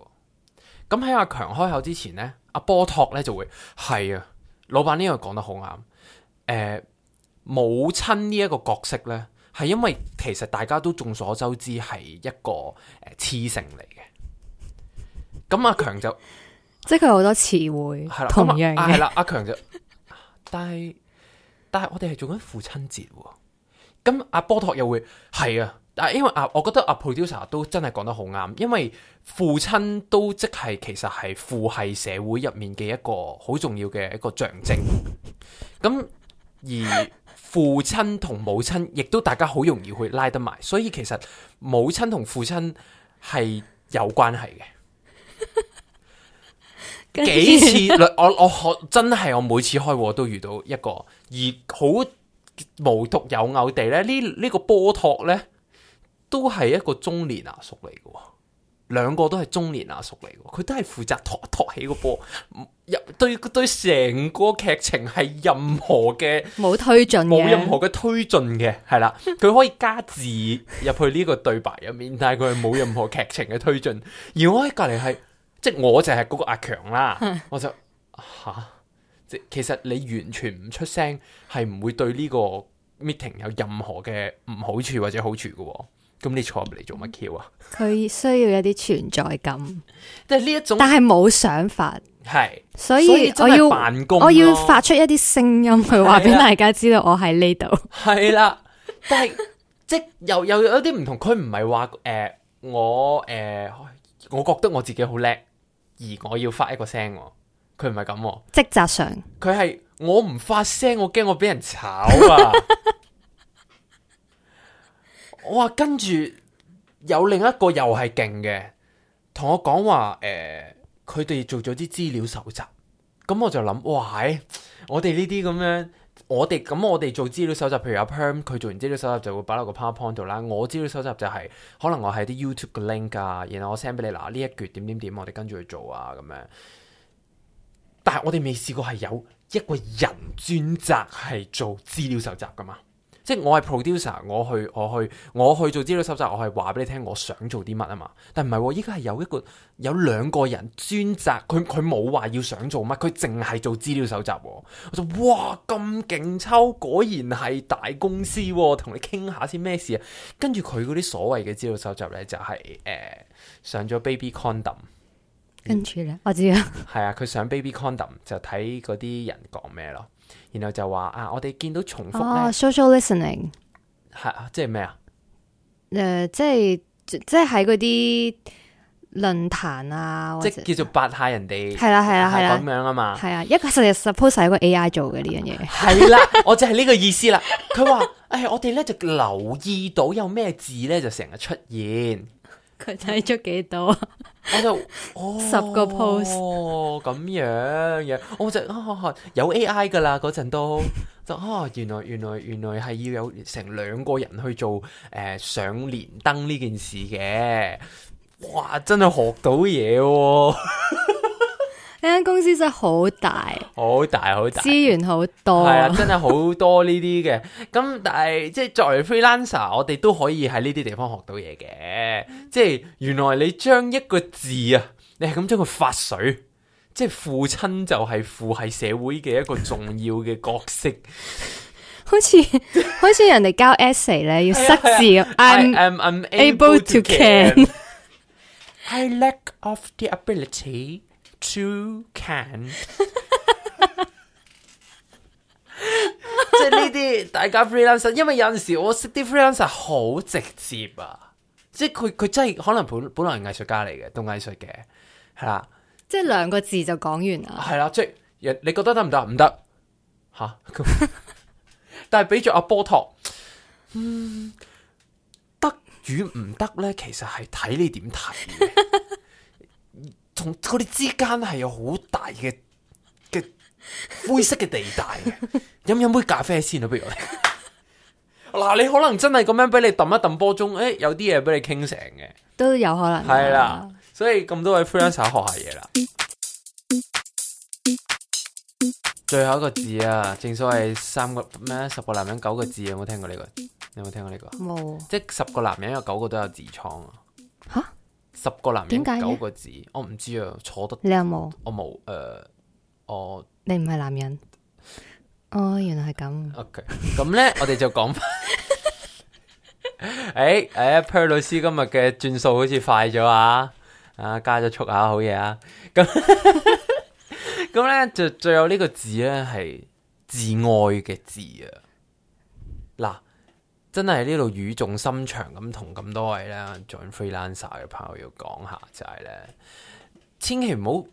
咁喺阿強開口之前咧，阿波託咧就會係啊，老闆呢個講得好啱，誒、呃、母親呢一個角色咧，係因為其實大家都眾所周知係一個誒雌、呃、性嚟嘅，咁阿強就。即係佢好多詞彙的，係啦，同樣係啦、啊，阿強就，但係但係我哋係做緊父親節，咁、啊、阿波托又會係啊，但係因為阿、啊、我覺得阿 producer 都真係講得好啱，因為父親都即係其實係父系社會入面嘅一個好重要嘅一個象徵，咁、啊、而父親同母親亦都大家好容易去拉得埋，所以其實母親同父親係有關係嘅。 <laughs> 幾次 <laughs> 我我學真係我每次開鑊都遇到一個而好無獨有偶地咧呢呢個波托咧都係一個中年阿叔嚟嘅，兩個都係中年阿叔嚟嘅，佢都係負責托托起個波入對對成個劇情係任何嘅冇推進冇任何嘅推進嘅係啦，佢可以加字入去呢個對白入面，但係佢係冇任何劇情嘅推進，而我喺隔籬係。即係我就係個阿強啦， <music> 我就吓即，啊，其實你完全唔出聲係唔會對呢個 meeting 有任何嘅唔好處或者好處嘅。哦，咁你坐入嚟做乜 Q 啊？佢需要一啲存在感，即係呢一種，但係冇想法係，所以，所以我要辦公，我要發出一啲聲音去話俾大家，啊，知道我喺呢度，係啦，啊啊，但係 <laughs> 即又又有啲唔同，佢唔係話誒我誒，呃呃，我覺得我自己好叻。而我要發一個聲，佢唔係咁，職責上佢係我唔發聲，我驚我俾人炒啊！我話 <laughs> 跟住有另一個又係勁嘅，同我講話，誒、呃，佢哋做咗啲資料搜集，咁我就諗，哇，係我哋呢啲咁樣。我哋咁，我哋做資料搜集，譬如阿 Perm 佢做完資料搜集就會擺落個 PowerPoint 度啦。我資料搜集就係，可能我係啲 YouTube 嘅 link 啊，然後我 send 俾你嗱，呢一橛點點點，我哋跟住去做啊咁樣。但係我哋未試過係有一個人專責係做資料搜集噶嘛。即係我係 producer，我去我去我去，我去做資料搜集，我係話俾你聽我想做啲乜啊嘛。但係唔係，依家係有一個有兩個人專責，佢佢冇話要想做乜，佢淨係做資料搜集喎。我就哇咁勁抽，果然係大公司喎。同你傾下先咩事啊？跟住佢嗰啲所謂嘅資料搜集咧，就係、是、誒、呃、上咗 baby condom，跟住咧我知啊，係啊，佢上 baby condom 就睇嗰啲人講咩咯。然後就話啊，我哋見到重複啊。Oh, Social Listening 係啊，即係咩、uh, 啊？誒，即係即係喺嗰啲論壇啊，即係叫做八下人哋，係啦係啦係啦咁樣啊嘛，係啊，啊，一個實日 suppose 係一個 A I 做嘅呢 <noise> 樣嘢，係 <laughs> 啦、 <noise> 啊，我就係呢個意思啦。佢話誒，我哋咧就留意到有咩字咧就成日出現。佢睇咗幾多？ <laughs> 我就十個 pose 咁樣樣，我、哦、就、哦哦、有 AI 噶啦嗰陣都就啊、 <laughs> 哦、原來原來原來係要有成兩個人去做誒上、呃、連登呢件事嘅，哇真係學到嘢、哦。 <laughs> 呢間公司真係好大，好大，大，好大，資源好多，係啊，真係好多呢啲嘅。咁 <laughs> 但係即係作為 freelancer，我哋都可以喺呢啲地方學到嘢嘅。即係原來你將一個字啊，你係咁將佢發水，即係父親就係父系社會嘅一個重要嘅角色。 <laughs> 好似好似人哋交 essay 咧，要塞字咁。啊、I, 'm, I am I able, able to can. I lack of the ability. to can， <laughs> <laughs> 即係呢啲大家 freelancer 實因為有陣時我識啲 freelancer 實好直接啊，即係佢佢真係可能本本來係藝術家嚟嘅，讀藝術嘅係啦，即係兩個字就講完啦，係啦，即係你你覺得得唔得？唔得吓，但係俾住阿波托，嗯，得與唔得咧，其實係睇你點睇 <laughs> 同佢哋之間係有好大嘅嘅灰色嘅地帶嘅，飲飲 <laughs> 杯咖啡先啦，不如。嗱、 <laughs> 啊，你可能真係咁樣俾你揼一揼波中，誒、哎，有啲嘢俾你傾成嘅，都有可能、啊。係啦，所以咁多位 friend 學下嘢啦。嗯、最後一個字啊，正所謂三個咩十個男人九個字，有冇聽過呢、這個？有冇聽過呢、這個？冇沒。即係十個男人有九個都有痔瘡啊！十個男人何九個字，我、哦、唔知啊，坐得你有冇、呃？我冇，誒，我你唔係男人，哦，原來係咁。 <laughs> OK，咁咧、 <laughs> <laughs> 哎，我哋就講翻，誒誒 Per 老師今日嘅轉數好似快咗啊，啊，加咗速下、啊，好嘢啊，咁咁咧就最後呢個字咧係自愛嘅字啊，嗱。真係呢度語重心長咁同咁多位咧做 freelancer 嘅朋友要講下就係、是、咧，千祈唔好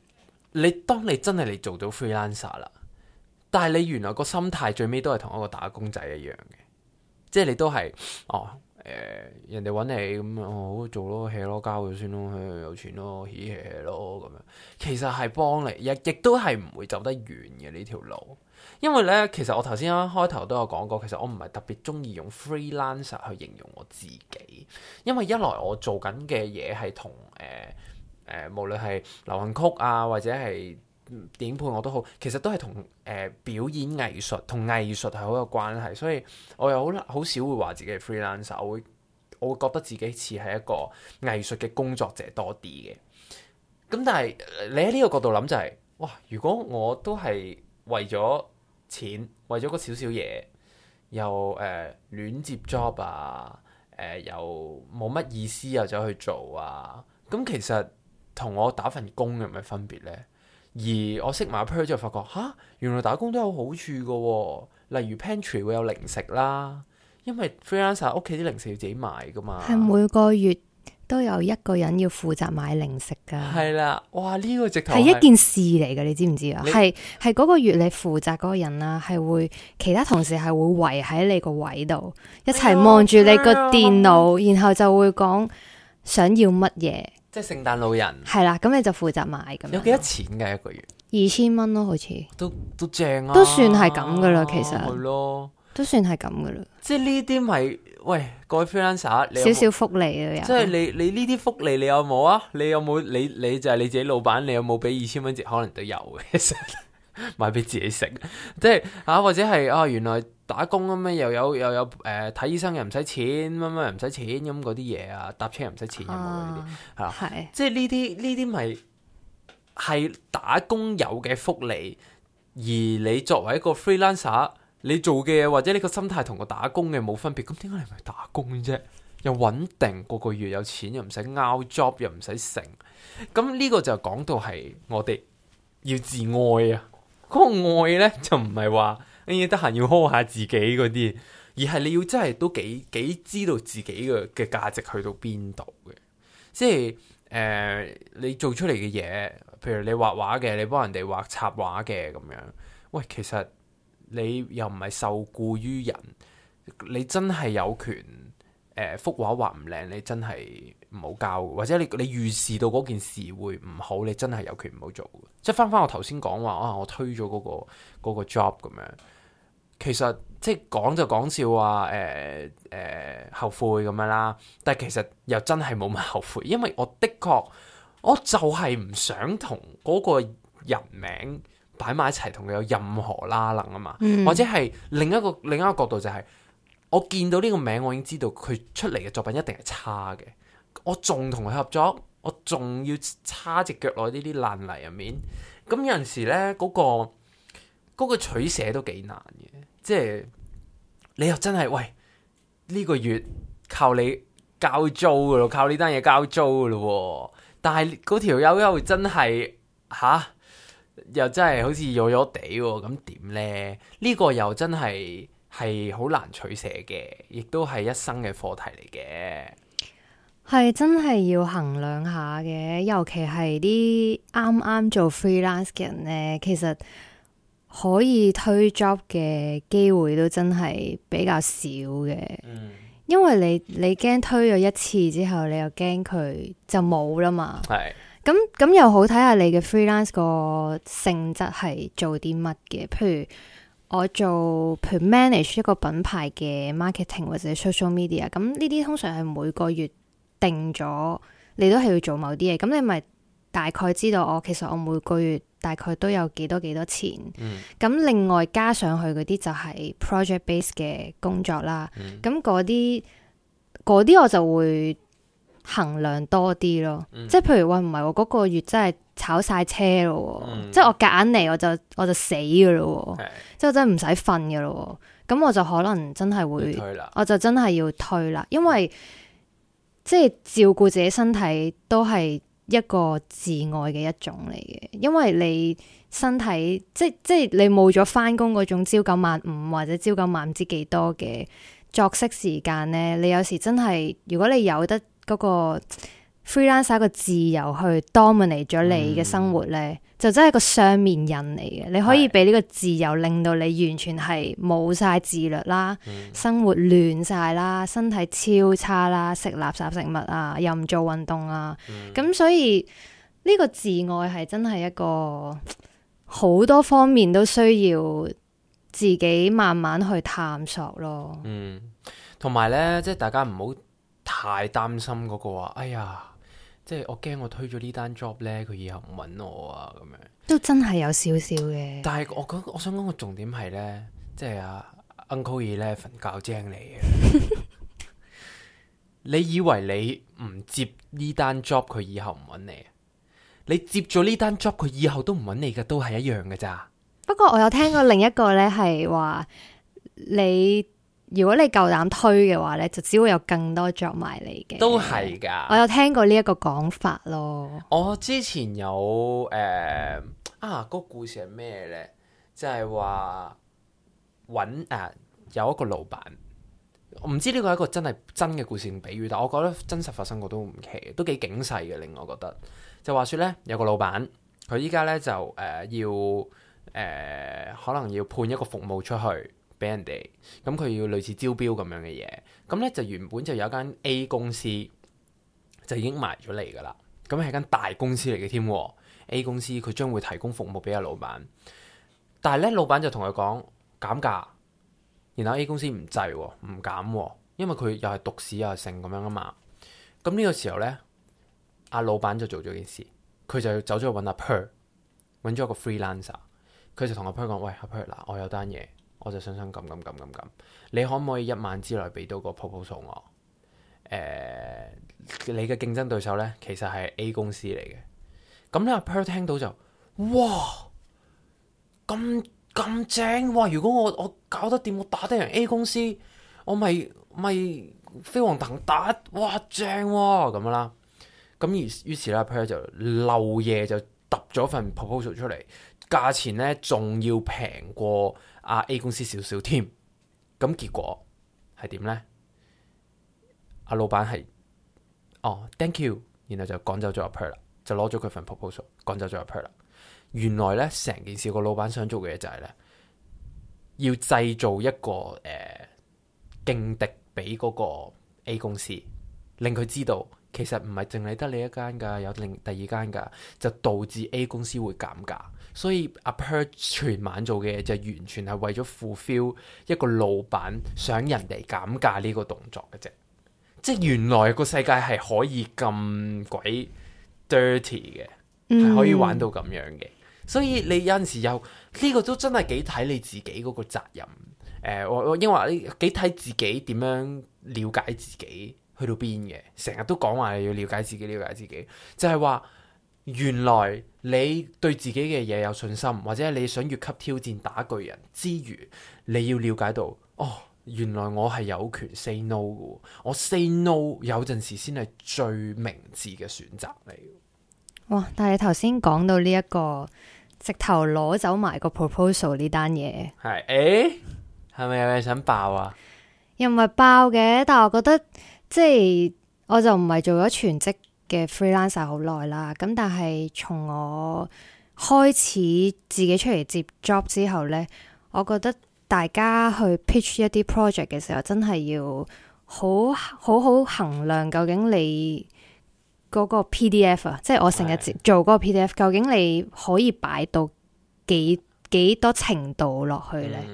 你當你真係嚟做到 freelancer 啦，但係你原來個心態最尾都係同一個打工仔一樣嘅，即係你都係哦誒、呃、人哋搵你咁啊好做咯，寫咯，交佢先咯，有錢咯，寫寫咯咁樣，其實係幫你亦亦都係唔會走得遠嘅呢條路。因為咧，其實我頭先開頭都有講過，其實我唔係特別中意用 freelancer 去形容我自己，因為一來我做緊嘅嘢係同誒誒，無論係流行曲啊，或者係點配我都好，其實都係同誒表演藝術同藝術係好有關係，所以我又好好少會話自己係 freelancer，我會我會覺得自己似係一個藝術嘅工作者多啲嘅。咁但係、呃、你喺呢個角度諗就係、是，哇！如果我都係為咗錢為咗個少少嘢，又誒、呃、亂接 job 啊，誒、呃、又冇乜意思又、啊、走去做啊，咁其實同我打份工有咩分別呢？而我識埋 pro 之後發覺，嚇原來打工都有好處嘅、啊，例如 pantry 會有零食啦，因為 freelancer 屋企啲零食要自己買噶嘛。係每個月。都有一個人要負責買零食噶，係啦，哇呢個直頭係一件事嚟嘅，你知唔知啊？係係嗰個月你負責嗰個人啦，係會其他同事係會圍喺你個位度，一齊望住你個電腦，哎、呀然後就會講想要乜嘢。即係聖誕老人。係啦，咁你就負責買咁樣。有幾多錢噶一個月？二千蚊咯，好似都都正啊，都算係咁噶啦，其實。啊都算係咁噶啦，即係呢啲咪喂，各位 Freelancer，你有冇少少福利啊？即係你你呢啲福利你有冇啊？你有冇你有冇你，你就係你自己老闆，你有冇俾二千蚊折？可能都有嘅，食 <laughs> 買俾自己食，即係啊，或者係啊，原來打工咁咩？又有又有誒，睇、呃、醫生又唔使錢，乜乜又唔使錢咁嗰啲嘢啊，搭車又唔使錢咁啊，係些是即係呢啲呢啲咪係打工有嘅福利，而你作為一個 Freelancer。你做嘅嘢或者你個心態同個打工嘅冇分別，咁點解你唔係打工啫？又穩定，個個月有錢，又唔使 out job，又唔使成。咁呢個就講到係我哋要自愛啊！嗰個愛咧就唔係話咦得閒要呵下自己嗰啲，而係你要真係都幾幾知道自己嘅嘅價值去到邊度嘅。即係誒、呃，你做出嚟嘅嘢，譬如你畫畫嘅，你幫人哋畫插畫嘅咁樣。喂，其實～你又唔係受雇於人，你真係有權誒幅畫畫唔靚，你真係唔好交，或者你你預示到嗰件事會唔好，你真係有權唔好做。即係翻翻我頭先講話啊，我推咗嗰個嗰個 job 咁樣，其實即係講就講笑啊，誒誒後悔咁樣啦，但係其實又真係冇乜後悔，因為我的確我就係唔想同嗰個人名。擺埋一齊同佢有任何拉能啊嘛。嗯、或者係另一個另一個角度就係、是，我見到呢個名，我已經知道佢出嚟嘅作品一定係差嘅，我仲同佢合作，我仲要插隻腳落呢啲爛泥入面。咁有陣時呢，嗰、嗰個、嗰個取捨都幾難嘅。即係你又真係喂，呢、呢個月靠你交租噶咯，靠呢單嘢交租噶咯。但係嗰條友又真係吓。又真係好似弱咗地喎，咁點呢？呢個又真係係好難取捨嘅，亦都係一生嘅課題嚟嘅。係真係要衡量下嘅，尤其係啲啱啱做 freelance 嘅人呢，其實可以推 job 嘅機會都真係比較少嘅。嗯，因為你你驚推咗一次之後，你又驚佢就冇啦嘛。係。咁咁又好睇下你嘅 freelance 個性質係做啲乜嘅？譬如我做，譬如 manage 一個品牌嘅 marketing 或者 social media，咁呢啲通常係每個月定咗，你都係要做某啲嘢。咁你咪大概知道我其實我每個月大概都有幾多幾多錢。咁、嗯、另外加上去嗰啲就係 project base 嘅工作啦。嗯，咁嗰啲嗰啲我就會。衡量多啲咯，嗯、即係譬如話唔係我嗰個月真係炒晒車咯，嗯、即係我夾硬嚟我就我就死嘅咯，是 即係真係唔使瞓嘅咯，咁我就可能真係會，了我就真係要推啦，因為即係照顧自己身體都係一個自愛嘅一種嚟嘅，因為你身體即係即係你冇咗翻工嗰種朝九晚五或者朝九晚唔知幾多嘅作息時間咧，你有時真係如果你有得。嗰個 freelancer 個自由去 dominate 咗你嘅生活呢、嗯、就真係個雙面人嚟嘅。你可以俾呢個自由，令到你完全係冇晒自律啦，嗯、生活亂晒啦，身體超差啦，食垃圾食物啊，又唔做運動啊。咁、嗯、所以呢、呢個自愛係真係一個好多方面都需要自己慢慢去探索咯。嗯，同埋呢，即係大家唔好。太擔心嗰個話，哎呀，即係我驚我推咗呢單 job 咧，佢以後唔揾我啊，咁樣都真係有少少嘅。但係我講，我想講個重點係咧，即係阿 Uncle Eleven 教精你嘅。 <laughs> 你以為你唔接呢單 job，佢以後唔揾你？你接咗呢單 job，佢以後都唔揾你嘅，都係一樣嘅咋？不過我有聽過另一個咧，係話你。如果你夠膽推嘅話呢，就只會有更多着埋你嘅。都係噶，我有聽過呢一個講法咯。 <noise> <noise> 我之前有誒、呃、啊，嗰、那個故事係咩呢？就係話揾誒有一個老闆，我唔知呢個係一個真係真嘅故事比喻，但我覺得真實發生過都唔奇，都幾警示嘅令我覺得。就話說呢，有個老闆，佢依家呢就誒、呃、要誒、呃、可能要判一個服務出去。俾人哋咁，佢要類似招標咁樣嘅嘢咁呢，就原本就有一間 A 公司就已經埋咗嚟噶啦。咁係間大公司嚟嘅添，A 公司佢將會提供服務俾阿老闆。但係呢，老闆就同佢講減價，然後 A 公司唔制唔減，因為佢又係獨市又係剩咁樣啊等等嘛。咁呢個時候呢，阿老闆就做咗件事，佢就走咗去搵阿 Per 搵咗一個 freelancer，佢就同阿 Per 講：喂，阿、啊、Per，嗱，我有單嘢。我就想想咁咁咁咁咁。你可唔可以一晚之內俾到個 proposal 我？誒、呃，你嘅競爭對手呢，其實係 A 公司嚟嘅。咁咧，阿 Per 聽到就哇咁咁正哇！如果我我搞得掂，我打得贏 A 公司，我咪咪飛黃騰達哇！正喎、啊、咁樣啦。咁於於是咧，阿 Per 就漏夜就揼咗份 proposal 出嚟，價錢呢仲要平過啊 A 公司少少添，咁結果係點呢？阿老闆係哦，thank you，然後就趕走咗阿 Per 啦，就攞咗佢份 proposal，趕走咗阿 Per 啦。原來呢，成件事個老闆想做嘅嘢就係呢：要製造一個誒勁敵俾嗰個 A 公司，令佢知道。其實唔係淨係得你一間㗎，有另第二間㗎，就導致 A 公司會減價。所以阿 Per 全晚做嘅嘢就完全係為咗 fulfill 一個老闆想人哋減價呢個動作嘅啫。即係原來個世界係可以咁鬼 dirty 嘅，係、嗯、可以玩到咁樣嘅。所以你有陣時有呢、呢個都真係幾睇你自己嗰個責任。誒、呃，我我因為你幾睇自己點樣了解自己。去到邊嘅，成日都講話你要了解自己，了解自己，就係話原來你對自己嘅嘢有信心，或者你想越級挑戰打巨人之餘，你要了解到哦，原來我係有權 say no 嘅，我 say no 有陣時先係最明智嘅選擇嚟。哇！但係頭先講到呢一個直頭攞走埋個 proposal 呢單嘢，係，誒，係咪有嘢想爆啊？又唔係爆嘅，但係我覺得。即係，我就唔係做咗全職嘅 freelancer 好耐啦。咁但係從我開始自己出嚟接 job 之後咧，我覺得大家去 pitch 一啲 project 嘅時候，真係要好好好衡量究竟你嗰個 PDF 啊，即係我成日做嗰個 PDF，究竟你可以擺到幾幾多程度落去咧？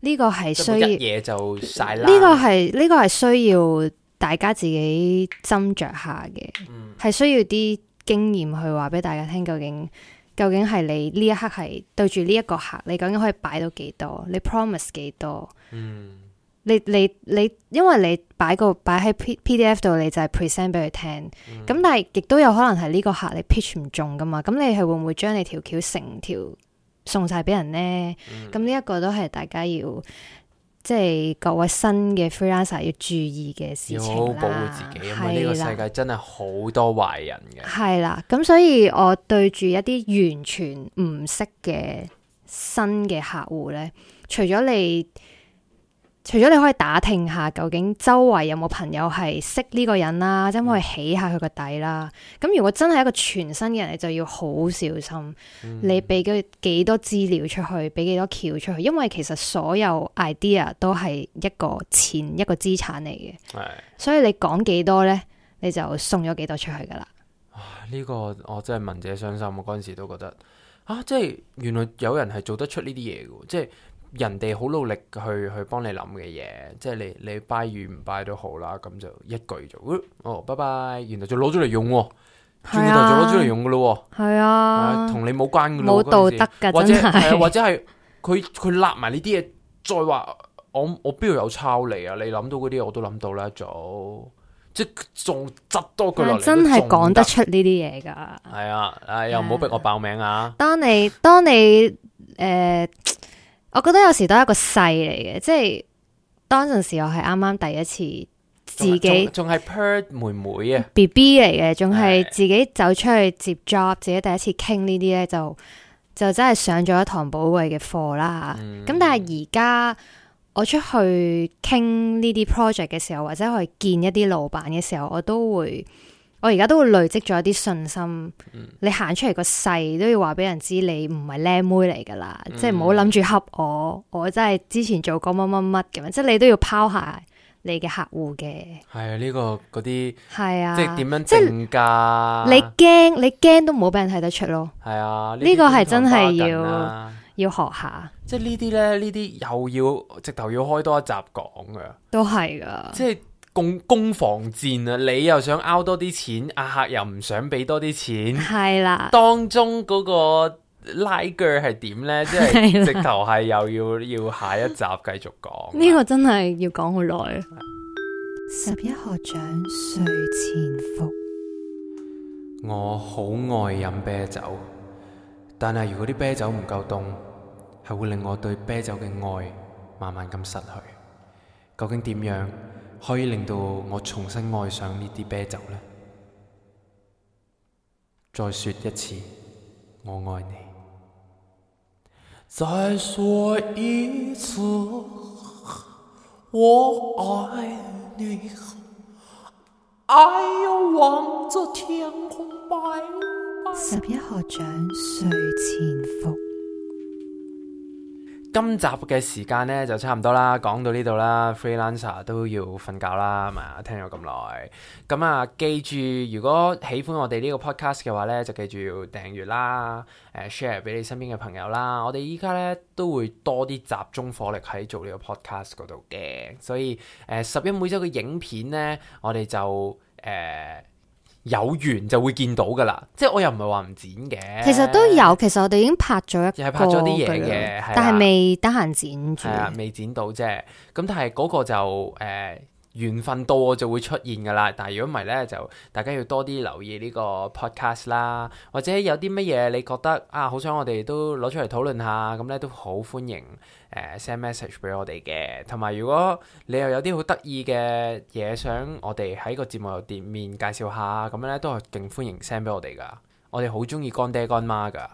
呢個，嗯，係需要嘢就晒啦。呢個係呢個係需要。嗯大家自己斟酌下嘅，係、嗯、需要啲經驗去話俾大家聽，究竟究竟係你呢一刻係對住呢一個客，你究竟可以擺到幾多？你 promise 幾多、嗯你？你你你，因為你擺個擺喺 PDF 度，你就係 present 俾佢聽。咁、嗯、但係亦都有可能係呢個客你 pitch 唔中噶嘛？咁你係會唔會將你條橋成條送晒俾人呢？咁呢一個都係大家要。即係各位新嘅 freelancer 要注意嘅事情啦，要好好保護自己，係啦，呢個世界真係好多壞人嘅，係啦。咁所以我對住一啲完全唔識嘅新嘅客戶咧，除咗你。除咗你可以打聽下，究竟周圍有冇朋友係識呢個人啦，嗯、即係可以起下佢個底啦。咁如果真係一個全新嘅人，你就要好小心。你俾佢幾多資料出去，俾幾、嗯、多資料出去，俾幾多橋出去，因為其實所有 idea 都係一個錢一個資產嚟嘅。係。唉，所以你講幾多呢，你就送咗幾多出去噶啦。啊！呢、呢個我真係聞者傷心。我嗰陣時都覺得啊，即係原來有人係做得出呢啲嘢嘅，即係。人哋好努力去去幫你諗嘅嘢，即係你你拜與唔拜都好啦，咁就一句就，哦，拜拜，然後就攞咗嚟用，轉個頭就攞咗嚟用噶咯，係啊，同、啊啊、你冇關噶，冇道德噶，或者係、 <laughs> uh, 或者係佢佢立埋呢啲嘢，再話我我邊度有抄你啊？你諗到嗰啲我都諗到啦，早，即係仲執多句落嚟，真係講得出呢啲嘢噶，係啊，誒、哎，又唔好逼我爆名啊！當你當你誒。呃我覺得有時都係一個細嚟嘅，即係當陣時我係啱啱第一次自己，仲係 p e r 妹妹啊，B B 嚟嘅，仲係自己走出去接 job，的自己第一次傾呢啲咧，就就真係上咗一堂寶貴嘅課啦。咁、嗯、但係而家我出去傾呢啲 project 嘅時候，或者去見一啲老闆嘅時候，我都會。我而家都會累積咗一啲信心，嗯、你行出嚟，個勢都要話俾人知，你唔係靚妹嚟噶啦，即係唔好諗住恰我，我真係之前做過乜乜乜咁，即係你都要拋下你嘅客戶嘅。係、這個、啊，呢個嗰啲係啊，即係點樣定價？你驚你驚都唔好俾人睇得出咯。係啊，呢個係真係要要學下。即係呢啲咧，呢啲又要直頭要開多一集講噶。都係噶。即係。攻防戰啊！你又想拗多啲錢，阿客又唔想俾多啲錢，係啦。當中嗰個拉鋸係點呢？啦即係直頭係又要要下一集繼續講。呢 <laughs> 個真係要講好耐。拾壹學長睡前伏？我好愛飲啤酒，但係如果啲啤酒唔夠凍，係會令我對啤酒嘅愛慢慢咁失去。究竟點樣？可以令到我重新愛上呢啲啤酒呢？再說一次，我愛你。再說一次，我愛你，望着天空白白。十一學長睡前服。今集嘅時間咧就差唔多啦，講到呢度啦，freelancer 都要瞓覺啦，係嘛，聽咗咁耐，咁啊，記住如果喜歡我哋呢個 podcast 嘅話咧，就記住要訂閱啦，誒 share 俾你身邊嘅朋友啦，我哋依家咧都會多啲集中火力喺做呢個 podcast 嗰度嘅，所以誒、呃、拾壹每週嘅影片咧，我哋就誒。呃有緣就會見到噶啦，即係我又唔係話唔剪嘅，其實都有，其實我哋已經拍咗一個係，拍咗啲嘢嘅，但係未得閒剪，係、啊、未剪到啫，咁但係嗰個就誒。呃緣分多就會出現噶啦，但係如果唔係呢，就大家要多啲留意呢個 podcast 啦，或者有啲乜嘢你覺得啊，好想我哋都攞出嚟討論下咁呢，都好歡迎誒 send message 俾我哋嘅。同埋如果你又有啲好得意嘅嘢，想我哋喺個節目入面介紹下咁呢，都係勁歡迎 send 俾我哋噶。我哋好中意乾爹乾媽噶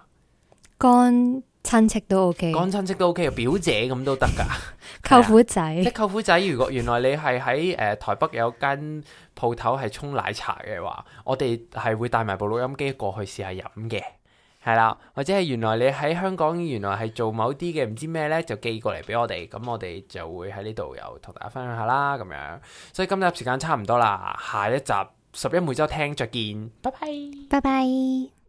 乾。親戚都 OK，講親戚都 OK，表姐咁都得噶，舅 <laughs> 父仔， <laughs> 啊、即舅父仔。如果原來你係喺誒台北有間鋪頭係沖奶茶嘅話，我哋係會帶埋部錄音機過去試下飲嘅，係啦、啊，或者係原來你喺香港原來係做某啲嘅唔知咩呢，就寄過嚟俾我哋，咁我哋就會喺呢度又同大家分享下啦，咁樣。所以今集時間差唔多啦，下一集十一每週聽，再見，拜拜，拜拜。